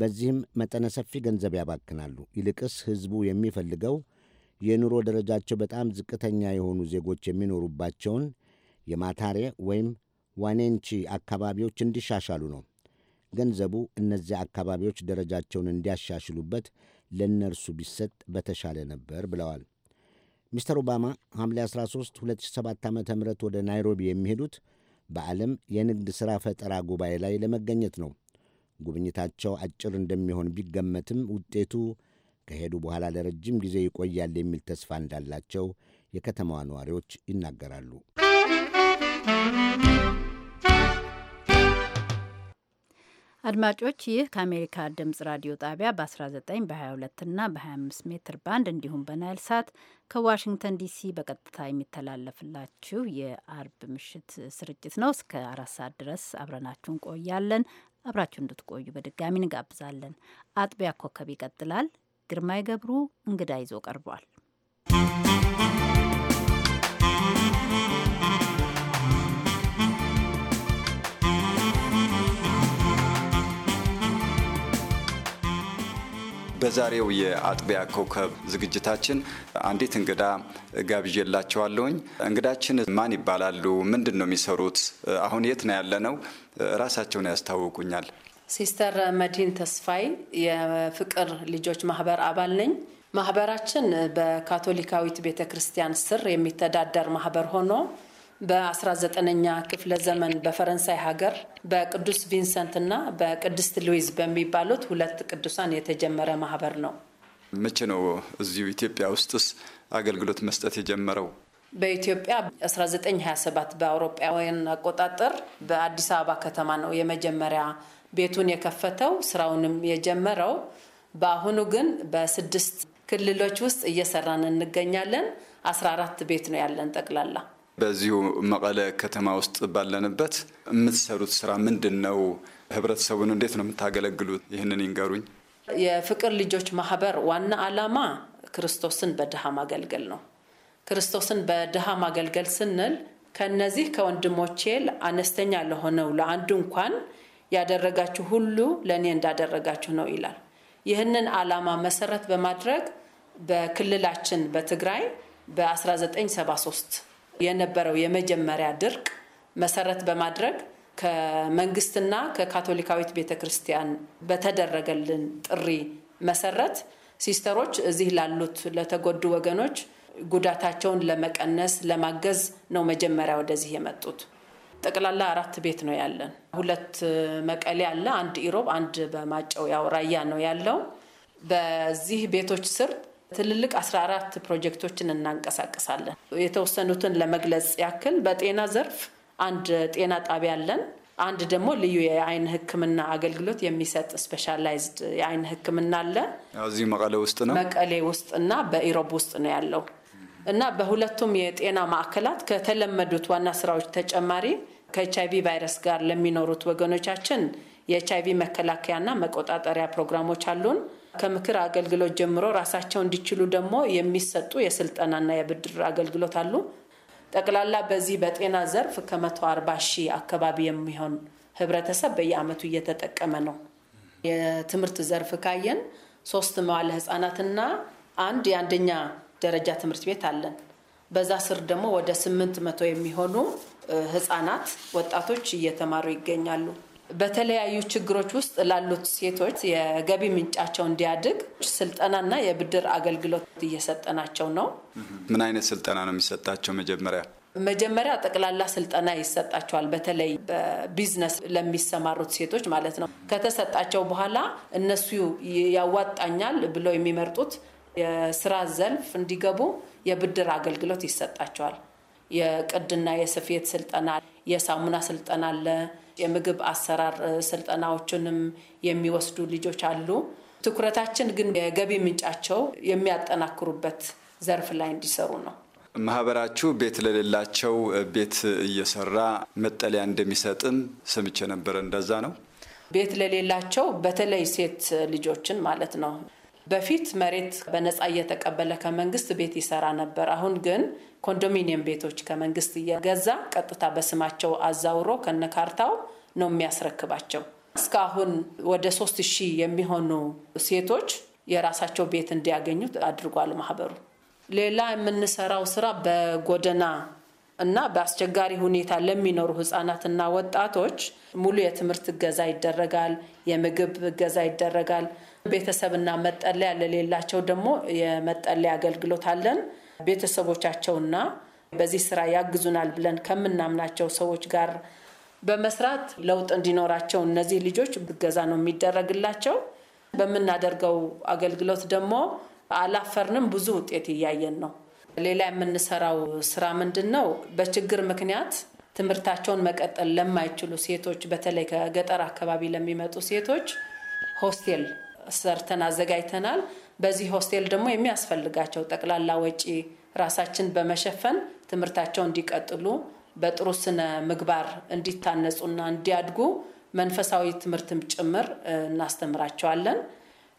በዚህም መጠነ ሰፊ ገንዘብ ያባክናሉ። ይልቅስ ሕዝቡ የሚፈልገው የኑሮ ደረጃቸው በጣም ዝቅተኛ የሆኑ ዜጎች የሚኖሩባቸውን የማታሬ ወይም ዋኔንቺ አካባቢዎች እንዲሻሻሉ ነው። ገንዘቡ እነዚያ አካባቢዎች ደረጃቸውን እንዲያሻሽሉበት ለእነርሱ ቢሰጥ በተሻለ ነበር ብለዋል። ሚስተር ኦባማ ሐምሌ 13 2007 ዓ ም ወደ ናይሮቢ የሚሄዱት በዓለም የንግድ ሥራ ፈጠራ ጉባኤ ላይ ለመገኘት ነው። ጉብኝታቸው አጭር እንደሚሆን ቢገመትም ውጤቱ ከሄዱ በኋላ ለረጅም ጊዜ ይቆያል የሚል ተስፋ እንዳላቸው የከተማዋ ነዋሪዎች ይናገራሉ። አድማጮች ይህ ከአሜሪካ ድምጽ ራዲዮ ጣቢያ በ19 በ22 እና በ25 ሜትር ባንድ እንዲሁም በናይል ሳት ከዋሽንግተን ዲሲ በቀጥታ የሚተላለፍላችሁ የአርብ ምሽት ስርጭት ነው። እስከ አራት ሰዓት ድረስ አብረናችሁ እንቆያለን። አብራችሁ እንድትቆዩ በድጋሚ እንጋብዛለን። አጥቢያ ኮከብ ይቀጥላል። ግርማይ ገብሩ እንግዳ ይዞ ቀርቧል። በዛሬው የአጥቢያ ኮከብ ዝግጅታችን አንዲት እንግዳ ጋብዤላቸዋለሁኝ። እንግዳችን ማን ይባላሉ? ምንድን ነው የሚሰሩት? አሁን የት ነው ያለ ነው ራሳቸውን ያስታውቁኛል። ሲስተር መዲን ተስፋይ የፍቅር ልጆች ማህበር አባል ነኝ። ማህበራችን በካቶሊካዊት ቤተ ክርስቲያን ስር የሚተዳደር ማህበር ሆኖ በ19ኛ ክፍለ ዘመን በፈረንሳይ ሀገር በቅዱስ ቪንሰንት እና በቅድስት ሉዊዝ በሚባሉት ሁለት ቅዱሳን የተጀመረ ማህበር ነው። መቼ ነው እዚሁ ኢትዮጵያ ውስጥስ አገልግሎት መስጠት የጀመረው? በኢትዮጵያ 1927 በአውሮፓውያን አቆጣጠር በአዲስ አበባ ከተማ ነው የመጀመሪያ ቤቱን የከፈተው ስራውንም የጀመረው። በአሁኑ ግን በስድስት ክልሎች ውስጥ እየሰራን እንገኛለን። 14 ቤት ነው ያለን ጠቅላላ በዚሁ መቀለ ከተማ ውስጥ ባለንበት የምትሰሩት ስራ ምንድን ነው? ህብረተሰቡን እንዴት ነው የምታገለግሉት? ይህንን ይንገሩኝ። የፍቅር ልጆች ማህበር ዋና ዓላማ ክርስቶስን በድሃ ማገልገል ነው። ክርስቶስን በድሃ ማገልገል ስንል ከነዚህ ከወንድሞቼ አነስተኛ ለሆነው ለአንዱ እንኳን ያደረጋችሁ ሁሉ ለእኔ እንዳደረጋችሁ ነው ይላል። ይህንን ዓላማ መሰረት በማድረግ በክልላችን በትግራይ በ1973 የነበረው የመጀመሪያ ድርቅ መሰረት በማድረግ ከመንግስትና ከካቶሊካዊት ቤተ ክርስቲያን በተደረገልን ጥሪ መሰረት ሲስተሮች እዚህ ላሉት ለተጎዱ ወገኖች ጉዳታቸውን ለመቀነስ ለማገዝ ነው መጀመሪያ ወደዚህ የመጡት። ጠቅላላ አራት ቤት ነው ያለን። ሁለት መቀሌ አለ፣ አንድ ኢሮብ፣ አንድ በማጨው ያው ራያ ነው ያለው። በዚህ ቤቶች ስር ትልልቅ 14 ፕሮጀክቶችን እናንቀሳቀሳለን። የተወሰኑትን ለመግለጽ ያክል በጤና ዘርፍ አንድ ጤና ጣቢያ አለን። አንድ ደግሞ ልዩ የአይን ሕክምና አገልግሎት የሚሰጥ ስፔሻላይዝድ የአይን ሕክምና አለ። እዚህ መቀሌ ውስጥ ነው መቀሌ ውስጥ እና በኢሮብ ውስጥ ነው ያለው እና በሁለቱም የጤና ማዕከላት ከተለመዱት ዋና ስራዎች ተጨማሪ ከኤች አይቪ ቫይረስ ጋር ለሚኖሩት ወገኖቻችን የኤች አይቪ መከላከያና መቆጣጠሪያ ፕሮግራሞች አሉን። ከምክር አገልግሎት ጀምሮ ራሳቸው እንዲችሉ ደግሞ የሚሰጡ የስልጠናና የብድር አገልግሎት አሉ። ጠቅላላ በዚህ በጤና ዘርፍ ከመቶ 140 ሺህ አካባቢ የሚሆን ህብረተሰብ በየአመቱ እየተጠቀመ ነው። የትምህርት ዘርፍ ካየን ሶስት መዋለ ህጻናትና አንድ የአንደኛ ደረጃ ትምህርት ቤት አለን። በዛ ስር ደግሞ ወደ ስምንት መቶ የሚሆኑ ህጻናት፣ ወጣቶች እየተማሩ ይገኛሉ። በተለያዩ ችግሮች ውስጥ ላሉት ሴቶች የገቢ ምንጫቸው እንዲያድግ ስልጠናና የብድር አገልግሎት እየሰጠናቸው ነው። ምን አይነት ስልጠና ነው የሚሰጣቸው? መጀመሪያ መጀመሪያ ጠቅላላ ስልጠና ይሰጣቸዋል። በተለይ በቢዝነስ ለሚሰማሩት ሴቶች ማለት ነው። ከተሰጣቸው በኋላ እነሱ ያዋጣኛል ብለው የሚመርጡት የስራ ዘርፍ እንዲገቡ የብድር አገልግሎት ይሰጣቸዋል። የቅድና የስፌት ስልጠና፣ የሳሙና ስልጠና አለ። የምግብ አሰራር ስልጠናዎችንም የሚወስዱ ልጆች አሉ። ትኩረታችን ግን የገቢ ምንጫቸው የሚያጠናክሩበት ዘርፍ ላይ እንዲሰሩ ነው። ማህበራችሁ ቤት ለሌላቸው ቤት እየሰራ መጠለያ እንደሚሰጥም ሰምቼ ነበረ እንደዛ ነው? ቤት ለሌላቸው በተለይ ሴት ልጆችን ማለት ነው። በፊት መሬት በነፃ እየተቀበለ ከመንግስት ቤት ይሰራ ነበር። አሁን ግን ኮንዶሚኒየም ቤቶች ከመንግስት እየገዛ ቀጥታ በስማቸው አዛውሮ ከነካርታው ነው የሚያስረክባቸው። እስካሁን ወደ ሶስት ሺህ የሚሆኑ ሴቶች የራሳቸው ቤት እንዲያገኙ አድርጓል ማህበሩ። ሌላ የምንሰራው ስራ በጎደና እና በአስቸጋሪ ሁኔታ ለሚኖሩ ህጻናትና ወጣቶች ሙሉ የትምህርት እገዛ ይደረጋል። የምግብ እገዛ ይደረጋል። ቤተሰብና መጠለያ ለሌላቸው ደግሞ የመጠለያ አገልግሎት አለን። ቤተሰቦቻቸውና በዚህ ስራ ያግዙናል ብለን ከምናምናቸው ሰዎች ጋር በመስራት ለውጥ እንዲኖራቸው እነዚህ ልጆች ብገዛ ነው የሚደረግላቸው። በምናደርገው አገልግሎት ደግሞ አላፈርንም፣ ብዙ ውጤት እያየን ነው። ሌላ የምንሰራው ስራ ምንድን ነው? በችግር ምክንያት ትምህርታቸውን መቀጠል ለማይችሉ ሴቶች፣ በተለይ ከገጠር አካባቢ ለሚመጡ ሴቶች ሆስቴል ሰርተን አዘጋጅተናል። በዚህ ሆስቴል ደግሞ የሚያስፈልጋቸው ጠቅላላ ወጪ ራሳችን በመሸፈን ትምህርታቸው እንዲቀጥሉ በጥሩ ስነ ምግባር እንዲታነጹና እንዲያድጉ መንፈሳዊ ትምህርትም ጭምር እናስተምራቸዋለን።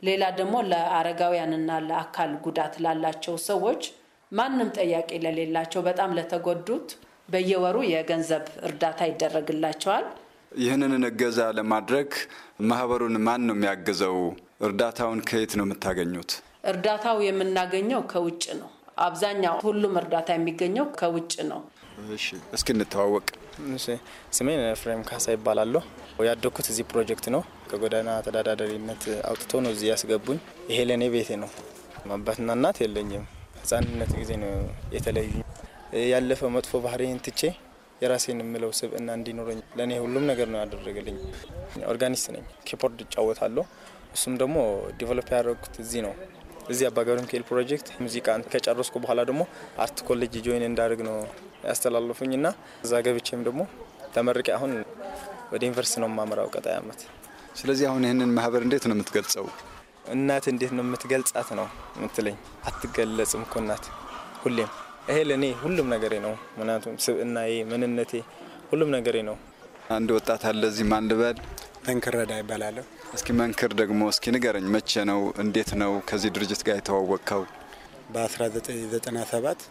ሌላ ደግሞ ለአረጋውያንና ለአካል ጉዳት ላላቸው ሰዎች ማንም ጠያቂ ለሌላቸው በጣም ለተጎዱት በየወሩ የገንዘብ እርዳታ ይደረግላቸዋል። ይህንን እገዛ ለማድረግ ማህበሩን ማን ነው የሚያግዘው? እርዳታውን ከየት ነው የምታገኙት? እርዳታው የምናገኘው ከውጭ ነው። አብዛኛው ሁሉም እርዳታ የሚገኘው ከውጭ ነው። እስኪ እንተዋወቅ። ስሜን ፍሬም ካሳ ይባላለሁ። ያደኩት እዚህ ፕሮጀክት ነው። ከጎዳና ተዳዳሪነት አውጥቶ ነው እዚህ ያስገቡኝ። ይሄ ለእኔ ቤቴ ነው። አባትና እናት የለኝም። ህጻንነት ጊዜ ነው የተለዩ። ያለፈው መጥፎ ባህሪን ትቼ የራሴን የምለው ስብእና እንዲኖረኝ ለእኔ ሁሉም ነገር ነው ያደረገልኝ። ኦርጋኒስት ነኝ። ኪፖርድ እጫወታለሁ። እሱም ደግሞ ዲቨሎፕ ያደረጉት እዚህ ነው። እዚህ አባ ሚካኤል ፕሮጀክት ሙዚቃ ከጨረስኩ በኋላ ደግሞ አርት ኮሌጅ ጆይን እንዳደርግ ነው ያስተላለፉኝ እና እዛ ገብቼም ደግሞ ተመርቄ አሁን ወደ ዩኒቨርሲቲ ነው የማመራው ቀጣይ አመት። ስለዚህ አሁን ይህንን ማህበር እንዴት ነው የምትገልጸው? እናት እንዴት ነው የምትገልጻት ነው የምትለኝ። አትገለጽም እኮ እናት ሁሌም። ይሄ ለእኔ ሁሉም ነገሬ ነው። ምክንያቱም ስብእናዬ፣ ምንነቴ ሁሉም ነገሬ ነው። አንድ ወጣት አለ እዚህ ማን ልበል? ጠንክረዳ ይባላለሁ እስኪ መንክር ደግሞ እስኪ ንገረኝ፣ መቼ ነው እንዴት ነው ከዚህ ድርጅት ጋር የተዋወቅከው? በ1997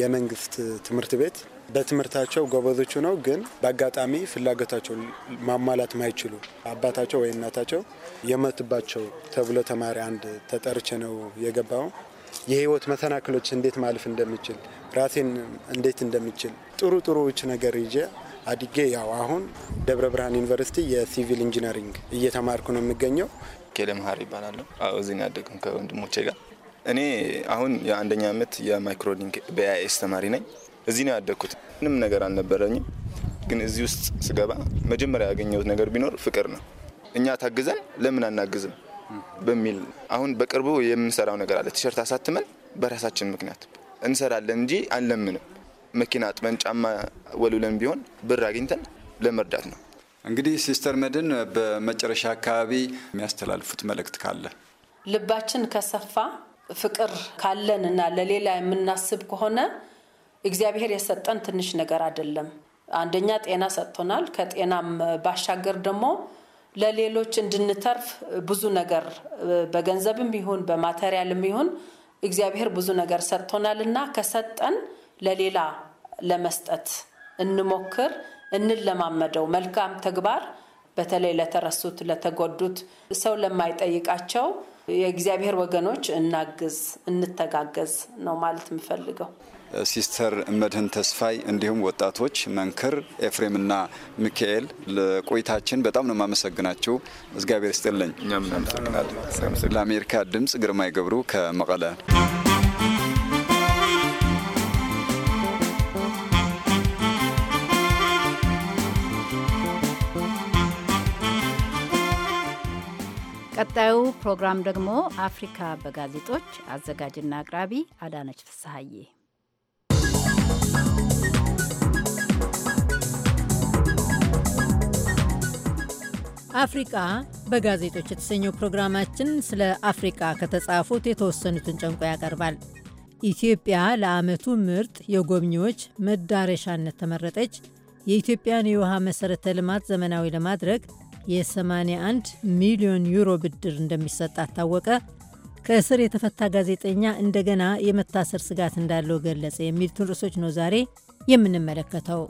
የመንግስት ትምህርት ቤት በትምህርታቸው ጎበዞቹ ነው፣ ግን በአጋጣሚ ፍላጎታቸው ማሟላት ማይችሉ አባታቸው ወይ እናታቸው የመትባቸው ተብሎ ተማሪ አንድ ተጠርቼ ነው የገባው። የህይወት መሰናክሎች እንዴት ማለፍ እንደምችል ራሴን እንዴት እንደምችል ጥሩ ጥሩዎች ነገር ይዤ አድጌ ያው አሁን ደብረ ብርሃን ዩኒቨርሲቲ የሲቪል ኢንጂነሪንግ እየተማርኩ ነው የሚገኘው። ኬሌ መሀሪ ይባላለሁ። እዚህ ያደግም ከወንድሞቼ ጋር እኔ አሁን የአንደኛ ዓመት የማይክሮሊንክ በአይኤስ ተማሪ ነኝ። እዚህ ነው ያደግኩት። ምንም ነገር አልነበረኝም፣ ግን እዚህ ውስጥ ስገባ መጀመሪያ ያገኘሁት ነገር ቢኖር ፍቅር ነው። እኛ ታግዘን ለምን አናግዝም በሚል አሁን በቅርቡ የምንሰራው ነገር አለ። ቲሸርት አሳትመን በራሳችን ምክንያት እንሰራለን እንጂ አንለምንም። መኪና አጥበን ጫማ ወልውለን ቢሆን ብር አግኝተን ለመርዳት ነው። እንግዲህ ሲስተር መድን በመጨረሻ አካባቢ የሚያስተላልፉት መልእክት ካለ? ልባችን ከሰፋ ፍቅር ካለን እና ለሌላ የምናስብ ከሆነ እግዚአብሔር የሰጠን ትንሽ ነገር አይደለም። አንደኛ ጤና ሰጥቶናል። ከጤናም ባሻገር ደግሞ ለሌሎች እንድንተርፍ ብዙ ነገር በገንዘብም ይሁን በማቴሪያልም ይሁን እግዚአብሔር ብዙ ነገር ሰጥቶናል እና ከሰጠን ለሌላ ለመስጠት እንሞክር፣ እንለማመደው። መልካም ተግባር በተለይ ለተረሱት፣ ለተጎዱት፣ ሰው ለማይጠይቃቸው የእግዚአብሔር ወገኖች እናግዝ፣ እንተጋገዝ ነው ማለት የምፈልገው። ሲስተር መድህን ተስፋይ እንዲሁም ወጣቶች መንክር ኤፍሬምና ሚካኤል ለቆይታችን በጣም ነው የማመሰግናችሁ። እግዚአብሔር ይስጥልኝ። ለአሜሪካ ድምፅ ግርማይ ገብሩ ከመቀለ ቀጣዩ ፕሮግራም ደግሞ አፍሪካ በጋዜጦች አዘጋጅና አቅራቢ አዳነች ፍስሐዬ። አፍሪቃ በጋዜጦች የተሰኘው ፕሮግራማችን ስለ አፍሪቃ ከተጻፉት የተወሰኑትን ጨምቆ ያቀርባል። ኢትዮጵያ ለዓመቱ ምርጥ የጎብኚዎች መዳረሻነት ተመረጠች፣ የኢትዮጵያን የውሃ መሠረተ ልማት ዘመናዊ ለማድረግ የ81 ሚሊዮን ዩሮ ብድር እንደሚሰጣት ታወቀ። ከእስር የተፈታ ጋዜጠኛ እንደገና የመታሰር ስጋት እንዳለው ገለጸ። የሚሉትን ርዕሶች ነው ዛሬ የምንመለከተው።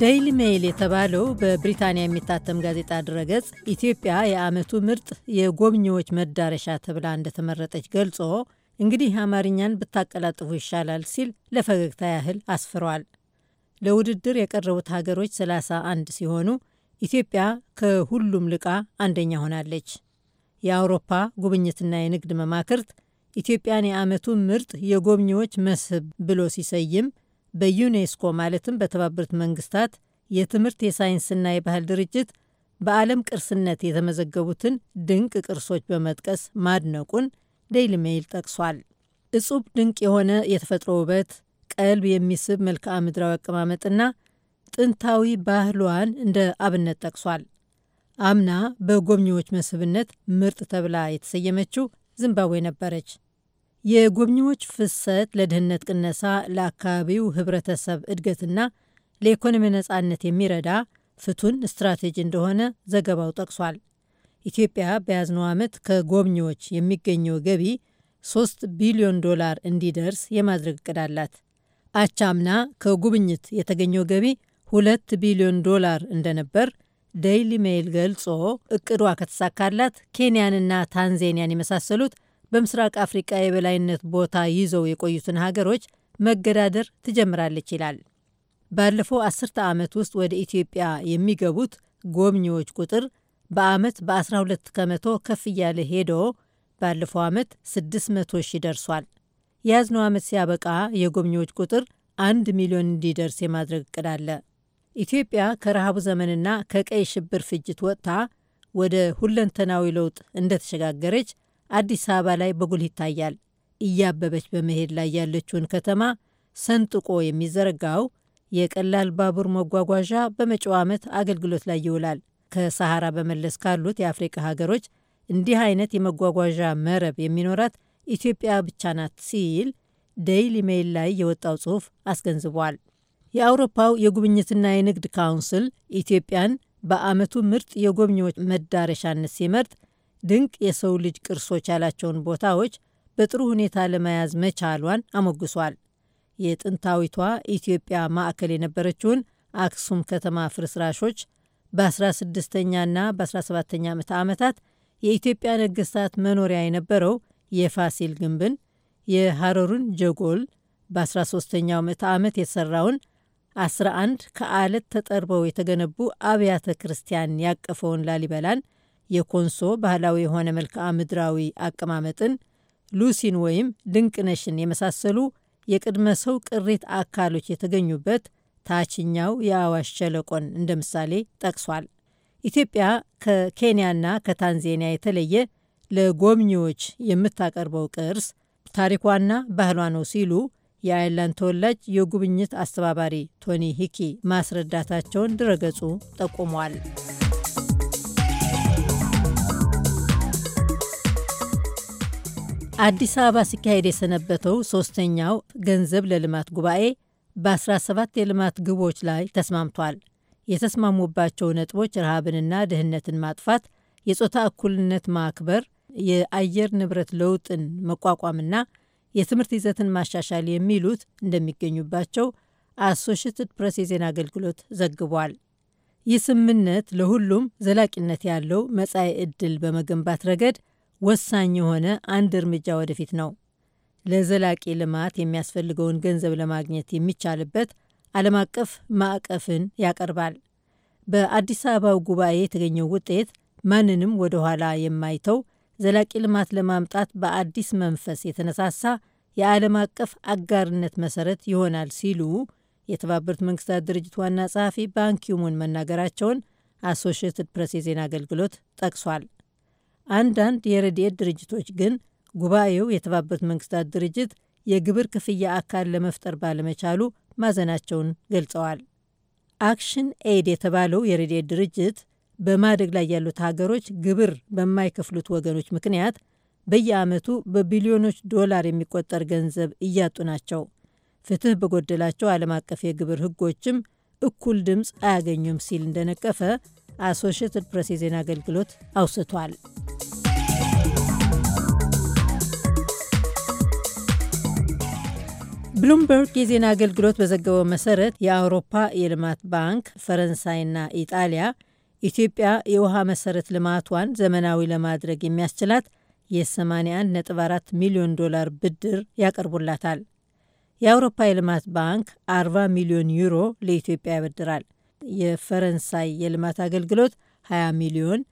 ዴይሊ ሜይል የተባለው በብሪታንያ የሚታተም ጋዜጣ ድረገጽ ኢትዮጵያ የዓመቱ ምርጥ የጎብኚዎች መዳረሻ ተብላ እንደተመረጠች ገልጾ እንግዲህ አማርኛን ብታቀላጥፉ ይሻላል ሲል ለፈገግታ ያህል አስፍሯል። ለውድድር የቀረቡት ሀገሮች 31 ሲሆኑ ኢትዮጵያ ከሁሉም ልቃ አንደኛ ሆናለች። የአውሮፓ ጉብኝትና የንግድ መማክርት ኢትዮጵያን የዓመቱ ምርጥ የጎብኚዎች መስህብ ብሎ ሲሰይም በዩኔስኮ ማለትም በተባበሩት መንግስታት የትምህርት የሳይንስና የባህል ድርጅት በዓለም ቅርስነት የተመዘገቡትን ድንቅ ቅርሶች በመጥቀስ ማድነቁን ዴይሊ ሜይል ጠቅሷል። እጹብ ድንቅ የሆነ የተፈጥሮ ውበት፣ ቀልብ የሚስብ መልክዓ ምድራዊ አቀማመጥና ጥንታዊ ባህሏን እንደ አብነት ጠቅሷል። አምና በጎብኚዎች መስህብነት ምርጥ ተብላ የተሰየመችው ዚምባብዌ ነበረች። የጎብኚዎች ፍሰት ለድህነት ቅነሳ፣ ለአካባቢው ህብረተሰብ እድገትና ለኢኮኖሚ ነጻነት የሚረዳ ፍቱን ስትራቴጂ እንደሆነ ዘገባው ጠቅሷል። ኢትዮጵያ በያዝነው ዓመት ከጎብኚዎች የሚገኘው ገቢ 3 ቢሊዮን ዶላር እንዲደርስ የማድረግ እቅድ አላት። አቻምና ከጉብኝት የተገኘው ገቢ 2 ቢሊዮን ዶላር እንደነበር ዴይሊ ሜይል ገልጾ እቅዷ ከተሳካላት ኬንያንና ታንዛኒያን የመሳሰሉት በምስራቅ አፍሪቃ የበላይነት ቦታ ይዘው የቆዩትን ሀገሮች መገዳደር ትጀምራለች ይላል። ባለፈው አስርተ ዓመት ውስጥ ወደ ኢትዮጵያ የሚገቡት ጎብኚዎች ቁጥር በዓመት በ12 ከመቶ ከፍ እያለ ሄዶ ባለፈው ዓመት 600 ሺህ ደርሷል። የያዝነው ዓመት ሲያበቃ የጎብኚዎች ቁጥር አንድ ሚሊዮን እንዲደርስ የማድረግ እቅድ አለ። ኢትዮጵያ ከረሃቡ ዘመንና ከቀይ ሽብር ፍጅት ወጥታ ወደ ሁለንተናዊ ለውጥ እንደተሸጋገረች አዲስ አበባ ላይ በጉልህ ይታያል። እያበበች በመሄድ ላይ ያለችውን ከተማ ሰንጥቆ የሚዘረጋው የቀላል ባቡር መጓጓዣ በመጪው ዓመት አገልግሎት ላይ ይውላል። ከሰሃራ በመለስ ካሉት የአፍሪቃ ሀገሮች እንዲህ አይነት የመጓጓዣ መረብ የሚኖራት ኢትዮጵያ ብቻ ናት ሲል ደይሊ ሜይል ላይ የወጣው ጽሑፍ አስገንዝቧል። የአውሮፓው የጉብኝትና የንግድ ካውንስል ኢትዮጵያን በዓመቱ ምርጥ የጎብኚዎች መዳረሻነት ሲመርጥ ድንቅ የሰው ልጅ ቅርሶች ያላቸውን ቦታዎች በጥሩ ሁኔታ ለመያዝ መቻሏን አሞግሷል። የጥንታዊቷ ኢትዮጵያ ማዕከል የነበረችውን አክሱም ከተማ ፍርስራሾች በ16ኛና በ17ኛ ምዕተ ዓመታት የኢትዮጵያ ነገስታት መኖሪያ የነበረው የፋሲል ግንብን፣ የሐረሩን ጀጎል፣ በ13ኛው ምዕተ ዓመት የተሠራውን 11 ከአለት ተጠርበው የተገነቡ አብያተ ክርስቲያን ያቀፈውን ላሊበላን፣ የኮንሶ ባህላዊ የሆነ መልክዓ ምድራዊ አቀማመጥን፣ ሉሲን ወይም ድንቅነሽን የመሳሰሉ የቅድመ ሰው ቅሪት አካሎች የተገኙበት ታችኛው የአዋሽ ሸለቆን እንደ ምሳሌ ጠቅሷል። ኢትዮጵያ ከኬንያና ከታንዜኒያ የተለየ ለጎብኚዎች የምታቀርበው ቅርስ ታሪኳና ባህሏ ነው ሲሉ የአይርላንድ ተወላጅ የጉብኝት አስተባባሪ ቶኒ ሂኪ ማስረዳታቸውን ድረገጹ ጠቁሟል። አዲስ አበባ ሲካሄድ የሰነበተው ሶስተኛው ገንዘብ ለልማት ጉባኤ በ17 የልማት ግቦች ላይ ተስማምቷል። የተስማሙባቸው ነጥቦች ረሃብንና ድህነትን ማጥፋት፣ የጾታ እኩልነት ማክበር፣ የአየር ንብረት ለውጥን መቋቋምና የትምህርት ይዘትን ማሻሻል የሚሉት እንደሚገኙባቸው አሶሽትድ ፕሬስ የዜና አገልግሎት ዘግቧል። ይህ ስምምነት ለሁሉም ዘላቂነት ያለው መጻኤ ዕድል በመገንባት ረገድ ወሳኝ የሆነ አንድ እርምጃ ወደፊት ነው። ለዘላቂ ልማት የሚያስፈልገውን ገንዘብ ለማግኘት የሚቻልበት ዓለም አቀፍ ማዕቀፍን ያቀርባል። በአዲስ አበባው ጉባኤ የተገኘው ውጤት ማንንም ወደ ኋላ የማይተው ዘላቂ ልማት ለማምጣት በአዲስ መንፈስ የተነሳሳ የዓለም አቀፍ አጋርነት መሰረት ይሆናል ሲሉ የተባበሩት መንግስታት ድርጅት ዋና ጸሐፊ ባንኪሙን መናገራቸውን አሶሽትድ ፕሬስ የዜና አገልግሎት ጠቅሷል። አንዳንድ የረድኤት ድርጅቶች ግን ጉባኤው የተባበሩት መንግስታት ድርጅት የግብር ክፍያ አካል ለመፍጠር ባለመቻሉ ማዘናቸውን ገልጸዋል። አክሽን ኤድ የተባለው የረድኤት ድርጅት በማደግ ላይ ያሉት ሀገሮች ግብር በማይከፍሉት ወገኖች ምክንያት በየዓመቱ በቢሊዮኖች ዶላር የሚቆጠር ገንዘብ እያጡ ናቸው፣ ፍትህ በጎደላቸው ዓለም አቀፍ የግብር ህጎችም እኩል ድምፅ አያገኙም ሲል እንደነቀፈ አሶሽትድ ፕሬስ የዜና አገልግሎት አውስቷል። ብሉምበርግ የዜና አገልግሎት በዘገበው መሰረት የአውሮፓ የልማት ባንክ፣ ፈረንሳይና ኢጣሊያ ኢትዮጵያ የውሃ መሰረት ልማቷን ዘመናዊ ለማድረግ የሚያስችላት የ81.4 ሚሊዮን ዶላር ብድር ያቀርቡላታል። የአውሮፓ የልማት ባንክ 40 ሚሊዮን ዩሮ ለኢትዮጵያ ያበድራል። የፈረንሳይ የልማት አገልግሎት 20 ሚሊዮን፣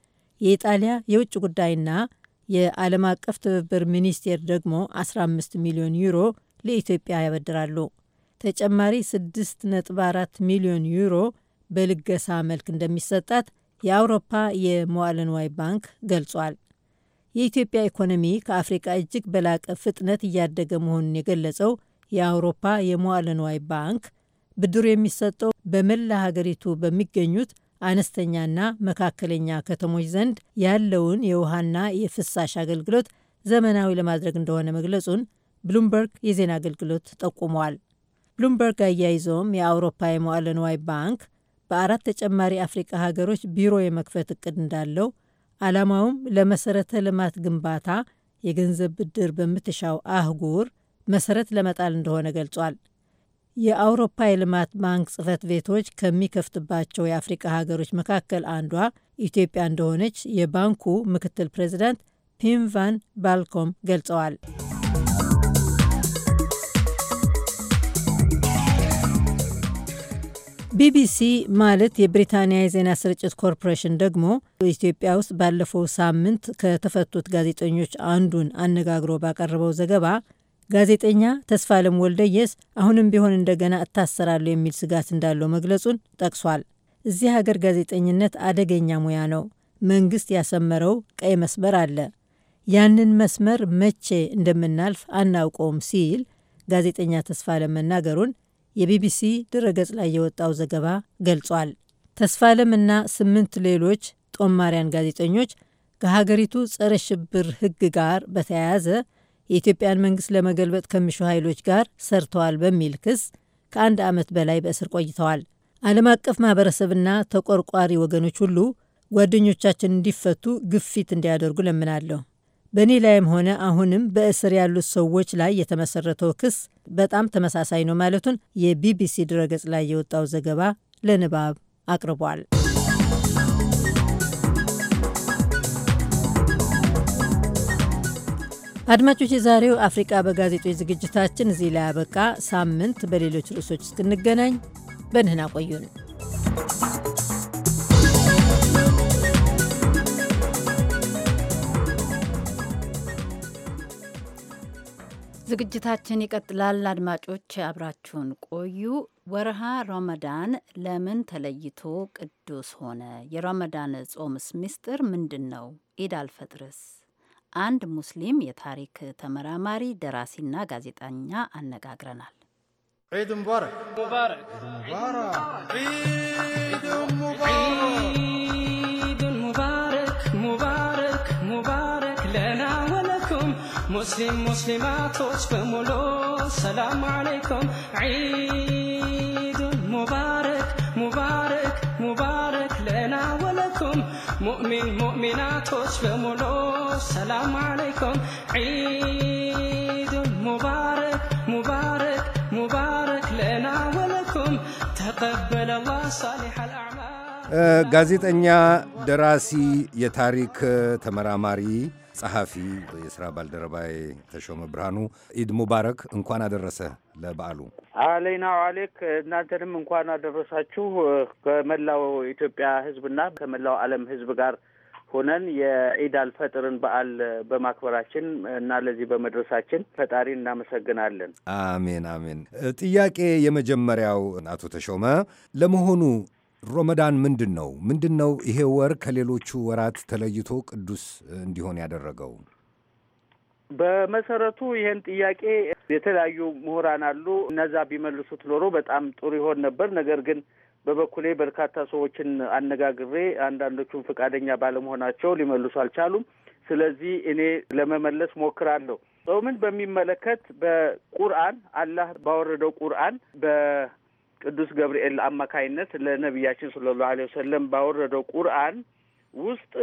የኢጣሊያ የውጭ ጉዳይና የዓለም አቀፍ ትብብር ሚኒስቴር ደግሞ 15 ሚሊዮን ዩሮ ለኢትዮጵያ ያበድራሉ። ተጨማሪ 6.4 ሚሊዮን ዩሮ በልገሳ መልክ እንደሚሰጣት የአውሮፓ የመዋለንዋይ ባንክ ገልጿል። የኢትዮጵያ ኢኮኖሚ ከአፍሪቃ እጅግ በላቀ ፍጥነት እያደገ መሆኑን የገለጸው የአውሮፓ የመዋለንዋይ ባንክ ብድሩ የሚሰጠው በመላ ሀገሪቱ በሚገኙት አነስተኛና መካከለኛ ከተሞች ዘንድ ያለውን የውሃና የፍሳሽ አገልግሎት ዘመናዊ ለማድረግ እንደሆነ መግለጹን ብሉምበርግ የዜና አገልግሎት ጠቁመዋል። ብሉምበርግ አያይዘውም የአውሮፓ የመዋለ ንዋይ ባንክ በአራት ተጨማሪ አፍሪቃ ሀገሮች ቢሮ የመክፈት እቅድ እንዳለው ዓላማውም ለመሰረተ ልማት ግንባታ የገንዘብ ብድር በምትሻው አህጉር መሰረት ለመጣል እንደሆነ ገልጿል። የአውሮፓ የልማት ባንክ ጽህፈት ቤቶች ከሚከፍትባቸው የአፍሪቃ ሀገሮች መካከል አንዷ ኢትዮጵያ እንደሆነች የባንኩ ምክትል ፕሬዚዳንት ፒም ቫን ባልኮም ገልጸዋል። ቢቢሲ ማለት የብሪታንያ የዜና ስርጭት ኮርፖሬሽን ደግሞ በኢትዮጵያ ውስጥ ባለፈው ሳምንት ከተፈቱት ጋዜጠኞች አንዱን አነጋግሮ ባቀረበው ዘገባ ጋዜጠኛ ተስፋለም ወልደየስ አሁንም ቢሆን እንደገና እታሰራለሁ የሚል ስጋት እንዳለው መግለጹን ጠቅሷል። እዚህ ሀገር ጋዜጠኝነት አደገኛ ሙያ ነው። መንግስት ያሰመረው ቀይ መስመር አለ። ያንን መስመር መቼ እንደምናልፍ አናውቀውም ሲል ጋዜጠኛ ተስፋለም መናገሩን የቢቢሲ ድረገጽ ላይ የወጣው ዘገባ ገልጿል። እና ስምንት ሌሎች ጦማሪያን ጋዜጠኞች ከሀገሪቱ ጸረ ሽብር ሕግ ጋር በተያያዘ የኢትዮጵያን መንግስት ለመገልበጥ ከሚሹ ኃይሎች ጋር ሰርተዋል በሚል ክስ ከአንድ ዓመት በላይ በእስር ቆይተዋል። ዓለም አቀፍ ማህበረሰብና ተቆርቋሪ ወገኖች ሁሉ ጓደኞቻችን እንዲፈቱ ግፊት እንዲያደርጉ ለምናለሁ። በእኔ ላይም ሆነ አሁንም በእስር ያሉት ሰዎች ላይ የተመሰረተው ክስ በጣም ተመሳሳይ ነው ማለቱን የቢቢሲ ድረገጽ ላይ የወጣው ዘገባ ለንባብ አቅርቧል። አድማጮች፣ የዛሬው አፍሪቃ በጋዜጦች ዝግጅታችን እዚህ ላይ ያበቃ። ሳምንት በሌሎች ርዕሶች እስክንገናኝ በንህና ቆዩን። ዝግጅታችን ይቀጥላል። አድማጮች አብራችሁን ቆዩ። ወርሃ ረመዳን ለምን ተለይቶ ቅዱስ ሆነ? የረመዳን ጾምስ ምስጢር ምንድን ነው? ኢድ አልፈጥርስ? አንድ ሙስሊም የታሪክ ተመራማሪ ደራሲና ጋዜጠኛ አነጋግረናል። ዒድ ሙባረክ ሙባረክ ሙባረክ ሙስሊም ሙስሊማቶች በሙሉ ሰላም አለይኩም ዒዱን ሙባረክ ሙባረክ ሙባረክ ለና ወለኩም ሙእሚን ሙእሚናቶች በሙሉ ሰላም አለይኩም ዒዱን ሙባረክ ሙባረክ ሙባረክ ለና ወለኩም ተቀበለ አላህ ሳሊሕ ጋዜጠኛ፣ ደራሲ፣ የታሪክ ተመራማሪ ጸሐፊ የሥራ ባልደረባዬ ተሾመ ብርሃኑ። ኢድ ሙባረክ፣ እንኳን አደረሰ ለበዓሉ። አለይና አሌክ እናንተንም እንኳን አደረሳችሁ። ከመላው ኢትዮጵያ ህዝብና ከመላው ዓለም ህዝብ ጋር ሆነን የኢድ አልፈጥርን በዓል በማክበራችን እና ለዚህ በመድረሳችን ፈጣሪ እናመሰግናለን። አሜን አሜን። ጥያቄ የመጀመሪያው አቶ ተሾመ ለመሆኑ ሮመዳን ምንድን ነው? ምንድን ነው ይሄ ወር ከሌሎቹ ወራት ተለይቶ ቅዱስ እንዲሆን ያደረገው? በመሰረቱ ይሄን ጥያቄ የተለያዩ ምሁራን አሉ። እነዛ ቢመልሱት ኖሮ በጣም ጥሩ ይሆን ነበር። ነገር ግን በበኩሌ በርካታ ሰዎችን አነጋግሬ አንዳንዶቹም ፈቃደኛ ባለመሆናቸው ሊመልሱ አልቻሉም። ስለዚህ እኔ ለመመለስ ሞክራለሁ። ጾምን በሚመለከት በቁርአን አላህ ባወረደው ቁርአን በ ቅዱስ ገብርኤል አማካይነት ለነቢያችን ሰለላሁ ዐለይሂ ወሰለም ባወረደው ቁርአን ውስጥ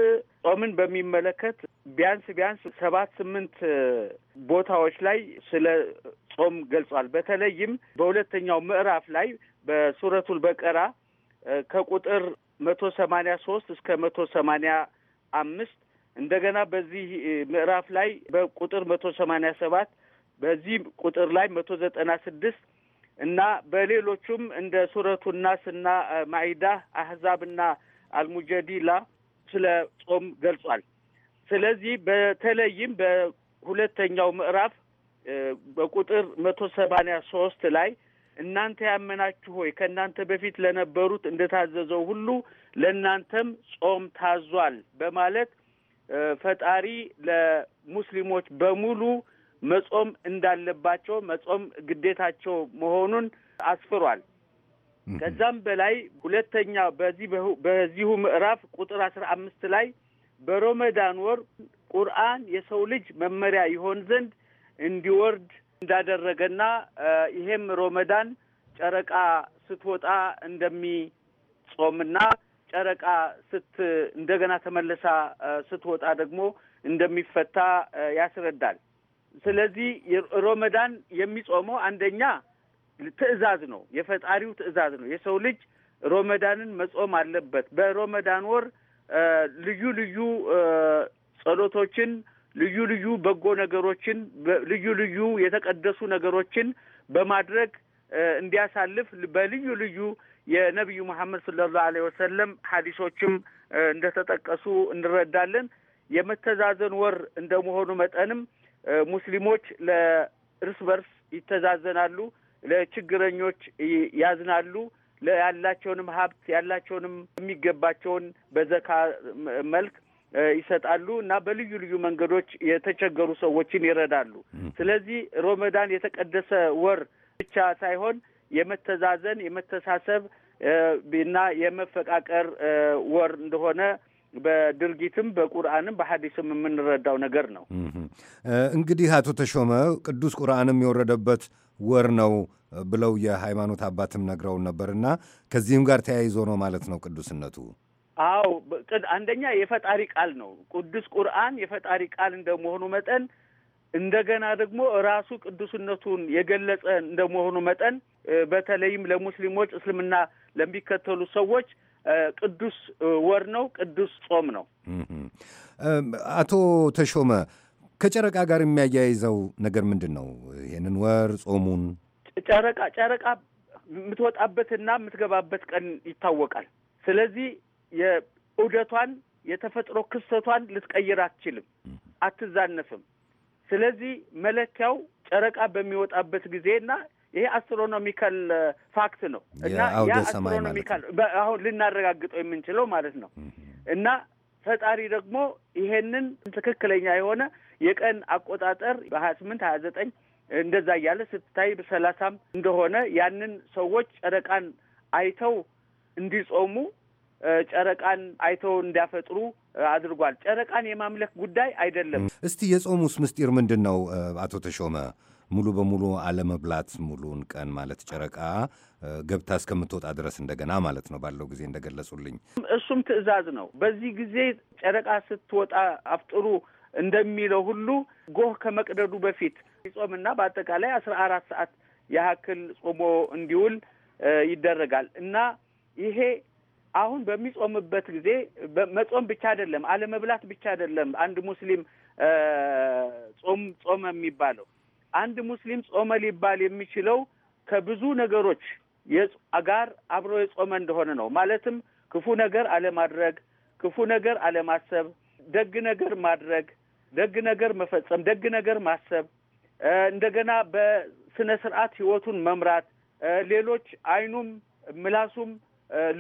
ጾምን በሚመለከት ቢያንስ ቢያንስ ሰባት ስምንት ቦታዎች ላይ ስለ ጾም ገልጿል። በተለይም በሁለተኛው ምዕራፍ ላይ በሱረቱል በቀራ ከቁጥር መቶ ሰማኒያ ሶስት እስከ መቶ ሰማኒያ አምስት እንደገና በዚህ ምዕራፍ ላይ በቁጥር መቶ ሰማኒያ ሰባት በዚህ ቁጥር ላይ መቶ ዘጠና ስድስት እና በሌሎቹም እንደ ሱረቱ ናስ እና አህዛብና አልሙጀዲላ ስለ ጾም ገልጿል። ስለዚህ በተለይም በሁለተኛው ምዕራፍ በቁጥር መቶ ሰማንያ ሶስት ላይ እናንተ ያመናችሁ ሆይ ከእናንተ በፊት ለነበሩት እንደታዘዘው ሁሉ ለእናንተም ጾም ታዟል በማለት ፈጣሪ ለሙስሊሞች በሙሉ መጾም እንዳለባቸው መጾም ግዴታቸው መሆኑን አስፍሯል። ከዛም በላይ ሁለተኛ በዚህ በዚሁ ምዕራፍ ቁጥር አስራ አምስት ላይ በሮመዳን ወር ቁርአን የሰው ልጅ መመሪያ ይሆን ዘንድ እንዲወርድ እንዳደረገና ይሄም ሮመዳን ጨረቃ ስትወጣ እንደሚጾምና ጨረቃ ስት እንደገና ተመለሳ ስትወጣ ደግሞ እንደሚፈታ ያስረዳል። ስለዚህ ሮመዳን የሚጾመው አንደኛ ትዕዛዝ ነው፣ የፈጣሪው ትዕዛዝ ነው። የሰው ልጅ ሮመዳንን መጾም አለበት። በሮመዳን ወር ልዩ ልዩ ጸሎቶችን፣ ልዩ ልዩ በጎ ነገሮችን፣ ልዩ ልዩ የተቀደሱ ነገሮችን በማድረግ እንዲያሳልፍ በልዩ ልዩ የነቢዩ መሐመድ ሰለላሁ ዐለይሂ ወሰለም ሀዲሶችም እንደተጠቀሱ እንረዳለን። የመተዛዘን ወር እንደመሆኑ መጠንም ሙስሊሞች ለእርስ በርስ ይተዛዘናሉ፣ ለችግረኞች ያዝናሉ፣ ያላቸውንም ሀብት ያላቸውንም የሚገባቸውን በዘካ መልክ ይሰጣሉ እና በልዩ ልዩ መንገዶች የተቸገሩ ሰዎችን ይረዳሉ። ስለዚህ ሮመዳን የተቀደሰ ወር ብቻ ሳይሆን የመተዛዘን የመተሳሰብ እና የመፈቃቀር ወር እንደሆነ በድርጊትም በቁርአንም በሀዲስም የምንረዳው ነገር ነው። እንግዲህ አቶ ተሾመ ቅዱስ ቁርአንም የወረደበት ወር ነው ብለው የሃይማኖት አባትም ነግረውን ነበርና ከዚህም ጋር ተያይዞ ነው ማለት ነው ቅዱስነቱ። አዎ አንደኛ የፈጣሪ ቃል ነው ቅዱስ ቁርአን የፈጣሪ ቃል እንደመሆኑ መጠን እንደገና ደግሞ ራሱ ቅዱስነቱን የገለጸ እንደመሆኑ መጠን በተለይም ለሙስሊሞች እስልምና ለሚከተሉ ሰዎች ቅዱስ ወር ነው፣ ቅዱስ ጾም ነው። አቶ ተሾመ ከጨረቃ ጋር የሚያያይዘው ነገር ምንድን ነው? ይህንን ወር ጾሙን ጨረቃ ጨረቃ የምትወጣበትና የምትገባበት ቀን ይታወቃል። ስለዚህ የዑደቷን የተፈጥሮ ክስተቷን ልትቀይር አትችልም፣ አትዛነፍም። ስለዚህ መለኪያው ጨረቃ በሚወጣበት ጊዜና ይሄ አስትሮኖሚካል ፋክት uh, ነው እና ያ አስትሮኖሚካል አሁን ልናረጋግጠው የምንችለው ማለት ነው እና ፈጣሪ ደግሞ ይሄንን ትክክለኛ የሆነ የቀን አቆጣጠር በሀያ ስምንት ሀያ ዘጠኝ እንደዛ እያለ ስትታይ በሰላሳም እንደሆነ ያንን ሰዎች ጨረቃን አይተው እንዲጾሙ ጨረቃን አይተው እንዲያፈጥሩ አድርጓል። ጨረቃን የማምለክ ጉዳይ አይደለም። እስቲ የጾሙስ ምስጢር ምንድን ነው አቶ ተሾመ? ሙሉ በሙሉ አለመብላት ሙሉን ቀን ማለት ጨረቃ ገብታ እስከምትወጣ ድረስ እንደገና ማለት ነው ባለው ጊዜ እንደገለጹልኝ። እሱም ትዕዛዝ ነው። በዚህ ጊዜ ጨረቃ ስትወጣ አፍጥሩ እንደሚለው ሁሉ ጎህ ከመቅደዱ በፊት ይጾምና በአጠቃላይ አስራ አራት ሰዓት ያህል ጾሞ እንዲውል ይደረጋል እና ይሄ አሁን በሚጾምበት ጊዜ መጾም ብቻ አይደለም፣ አለመብላት ብቻ አይደለም። አንድ ሙስሊም ጾም ጾመ የሚባለው አንድ ሙስሊም ጾመ ሊባል የሚችለው ከብዙ ነገሮች ጋር አብሮ የጾመ እንደሆነ ነው። ማለትም ክፉ ነገር አለማድረግ፣ ክፉ ነገር አለማሰብ፣ ደግ ነገር ማድረግ፣ ደግ ነገር መፈጸም፣ ደግ ነገር ማሰብ፣ እንደገና በስነ ስርዓት ህይወቱን መምራት፣ ሌሎች አይኑም ምላሱም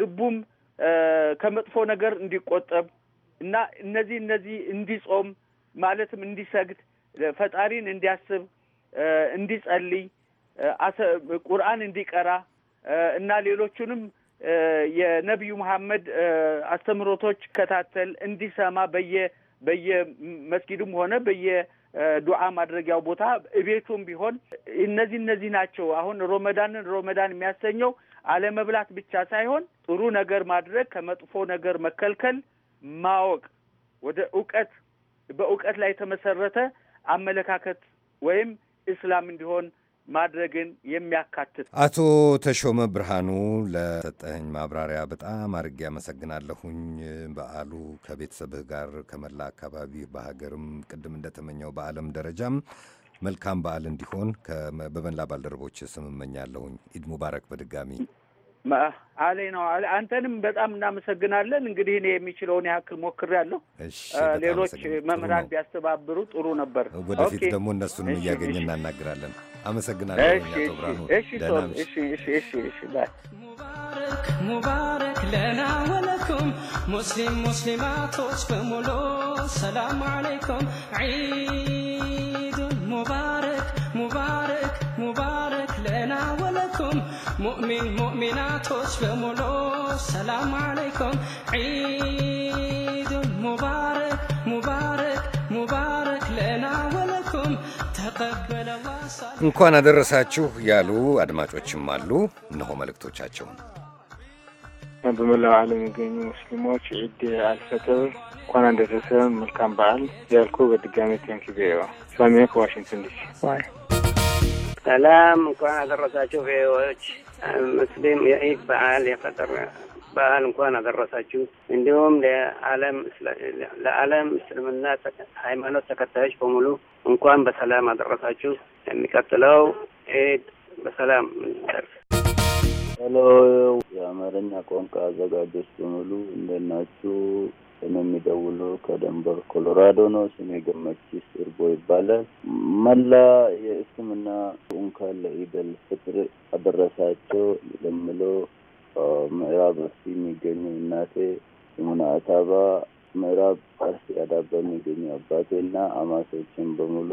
ልቡም ከመጥፎ ነገር እንዲቆጠብ እና እነዚህ እነዚህ እንዲጾም ማለትም እንዲሰግድ ፈጣሪን እንዲያስብ እንዲጸልይ፣ ቁርአን እንዲቀራ እና ሌሎቹንም የነቢዩ መሐመድ አስተምህሮቶች ከታተል እንዲሰማ በየ በየመስጊዱም ሆነ ዱዓ ማድረጊያው ቦታ እቤቱም ቢሆን እነዚህ እነዚህ ናቸው። አሁን ሮመዳንን ሮመዳን የሚያሰኘው አለመብላት ብቻ ሳይሆን ጥሩ ነገር ማድረግ፣ ከመጥፎ ነገር መከልከል፣ ማወቅ ወደ እውቀት በእውቀት ላይ የተመሰረተ አመለካከት ወይም እስላም እንዲሆን ማድረግን የሚያካትት። አቶ ተሾመ ብርሃኑ ለሰጠኝ ማብራሪያ በጣም አድርጌ አመሰግናለሁኝ። በዓሉ ከቤተሰብህ ጋር ከመላ አካባቢ በሀገርም ቅድም እንደተመኘው በዓለም ደረጃም መልካም በዓል እንዲሆን በመላ ባልደረቦች ስም እመኛለሁኝ። ኢድ ሙባረክ በድጋሚ አሌ ነው። አንተንም በጣም እናመሰግናለን። እንግዲህ እኔ የሚችለውን ያክል ሞክሬያለሁ። ሌሎች መምህራን ቢያስተባብሩ ጥሩ ነበር። ወደፊት ደግሞ እነሱንም እያገኘ እናናግራለን። አመሰግናለሁ። ሙባረክ ለና ወለኩም ሙስሊም ሙስሊማቶች በሙሉ ሰላም አለይኩም ዒዱን ሙባረክ ሙእሚን ሙእሚናቶች በሙሉ ሰላም አለይኩም ዒዱን ሙባረክ ሙባረክ ሙባረክ ለና ወለኩም ተቀበለ እንኳን አደረሳችሁ ያሉ አድማጮችም አሉ። እነሆ መልእክቶቻቸውን። በመላው ዓለም የሚገኙ ሙስሊሞች ዒድ አልፈጥር እንኳን አደረሰ መልካም በዓል ያልኩ በድጋሚ ቴንክ ቪኦ ሰሜክ ዋሽንግተን ዲሲ ሰላም እንኳን አደረሳችሁ ቪኦዎች ሙስሊም የኢድ በዓል የፈጠር በዓል እንኳን አደረሳችሁ። እንዲሁም ለዓለም እስልምና ሃይማኖት ተከታዮች በሙሉ እንኳን በሰላም አደረሳችሁ። የሚቀጥለው ኢድ በሰላም ደርስ ሎ የአማርኛ ቋንቋ አዘጋጆች በሙሉ እንደናችሁ? እኔ የሚደውለው ከደንበር ኮሎራዶ ነው። ስሜ ገመቺስ እርቦ ይባላል። መላ የእስልምና እንኳን ለኢደል ፍጥር አደረሳቸው ለምሎ ምዕራብ አርሲ የሚገኙ እናቴ ሙና አታባ፣ ምዕራብ አርሲ አዳባ የሚገኙ አባቴና አማቶችን በሙሉ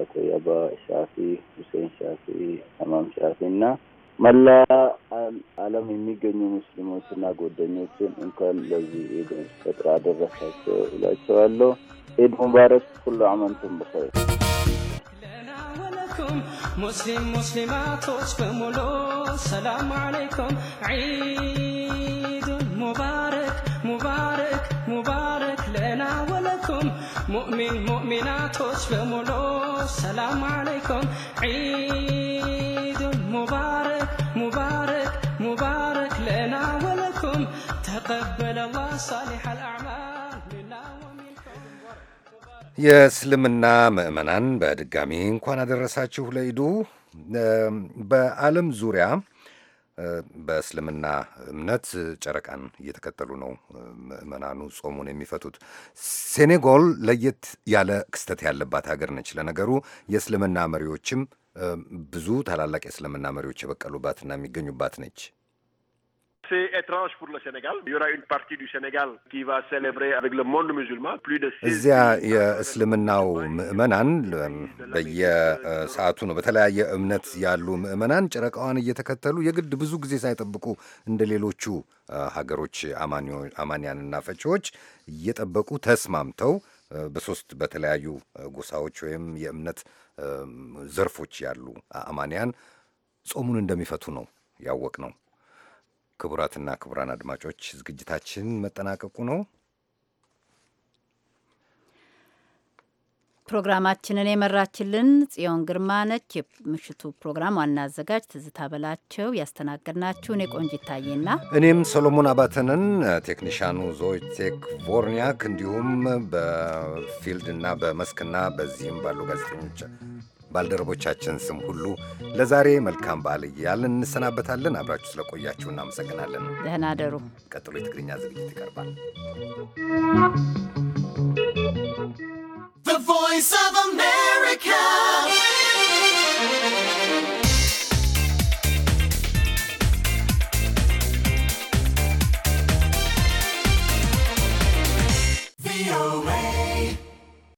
አቶ ያባ ሻፊ፣ ሁሴን ሻፊ፣ ሀማም ሻፊ እና መላ ዓለም የሚገኙ ሙስሊሞችና ጓደኞችን እንኳን ለዚህ ኢድ ፈጥር አደረሳቸው እላቸዋለሁ። ኢድ ሙባረክ፣ ኩሉ አመንቱም ብኸይር። ሙስሊም ሙስሊማቶች በሙሉ ሰላም አለይኩም፣ ዒድ ሙባረክ ሙባረክ ሙባረክ ለና ወለኩም። ሙእሚን ሙእሚናቶች በሙሉ ሰላም አለይኩም፣ ዒድ ሙባረክ የእስልምና ምዕመናን በድጋሚ እንኳን አደረሳችሁ ለኢዱ። በዓለም ዙሪያ በእስልምና እምነት ጨረቃን እየተከተሉ ነው ምዕመናኑ ጾሙን የሚፈቱት። ሴኔጎል ለየት ያለ ክስተት ያለባት ሀገር ነች። ለነገሩ የእስልምና መሪዎችም ብዙ ታላላቅ የእስልምና መሪዎች የበቀሉባትና የሚገኙባት ነች። C'est étrange pour le Sénégal. Il y aura une partie du Sénégal qui va célébrer avec le monde musulman plus de እዚያ የእስልምናው ምዕመናን በየሰዓቱ ነው። በተለያየ እምነት ያሉ ምዕመናን ጨረቃዋን እየተከተሉ የግድ ብዙ ጊዜ ሳይጠብቁ እንደ ሌሎቹ eh, ሀገሮች አማንያንና ፈቺዎች እየጠበቁ ተስማምተው eh, በሶስት በተለያዩ eh, ጎሳዎች ወይም የእምነት ዘርፎች ያሉ አማንያን ጾሙን እንደሚፈቱ ነው ያወቅ ነው። ክቡራትና ክቡራን አድማጮች ዝግጅታችን መጠናቀቁ ነው። ፕሮግራማችንን የመራችልን ጽዮን ግርማ ነች። የምሽቱ ፕሮግራም ዋና አዘጋጅ ትዝታ በላቸው፣ ያስተናገድናችሁ እኔ ቆንጅ ይታየና እኔም ሰሎሞን አባተንን፣ ቴክኒሻኑ ዞይቴክ ቮርኒያክ እንዲሁም በፊልድና በመስክና በዚህም ባሉ ጋዜጠኞች ባልደረቦቻችን ስም ሁሉ ለዛሬ መልካም በዓል እያል እንሰናበታለን። አብራችሁ ስለቆያችሁ እናመሰግናለን። ደህና ደሩ። ቀጥሎ የትግርኛ ዝግጅት ይቀርባል። The Voice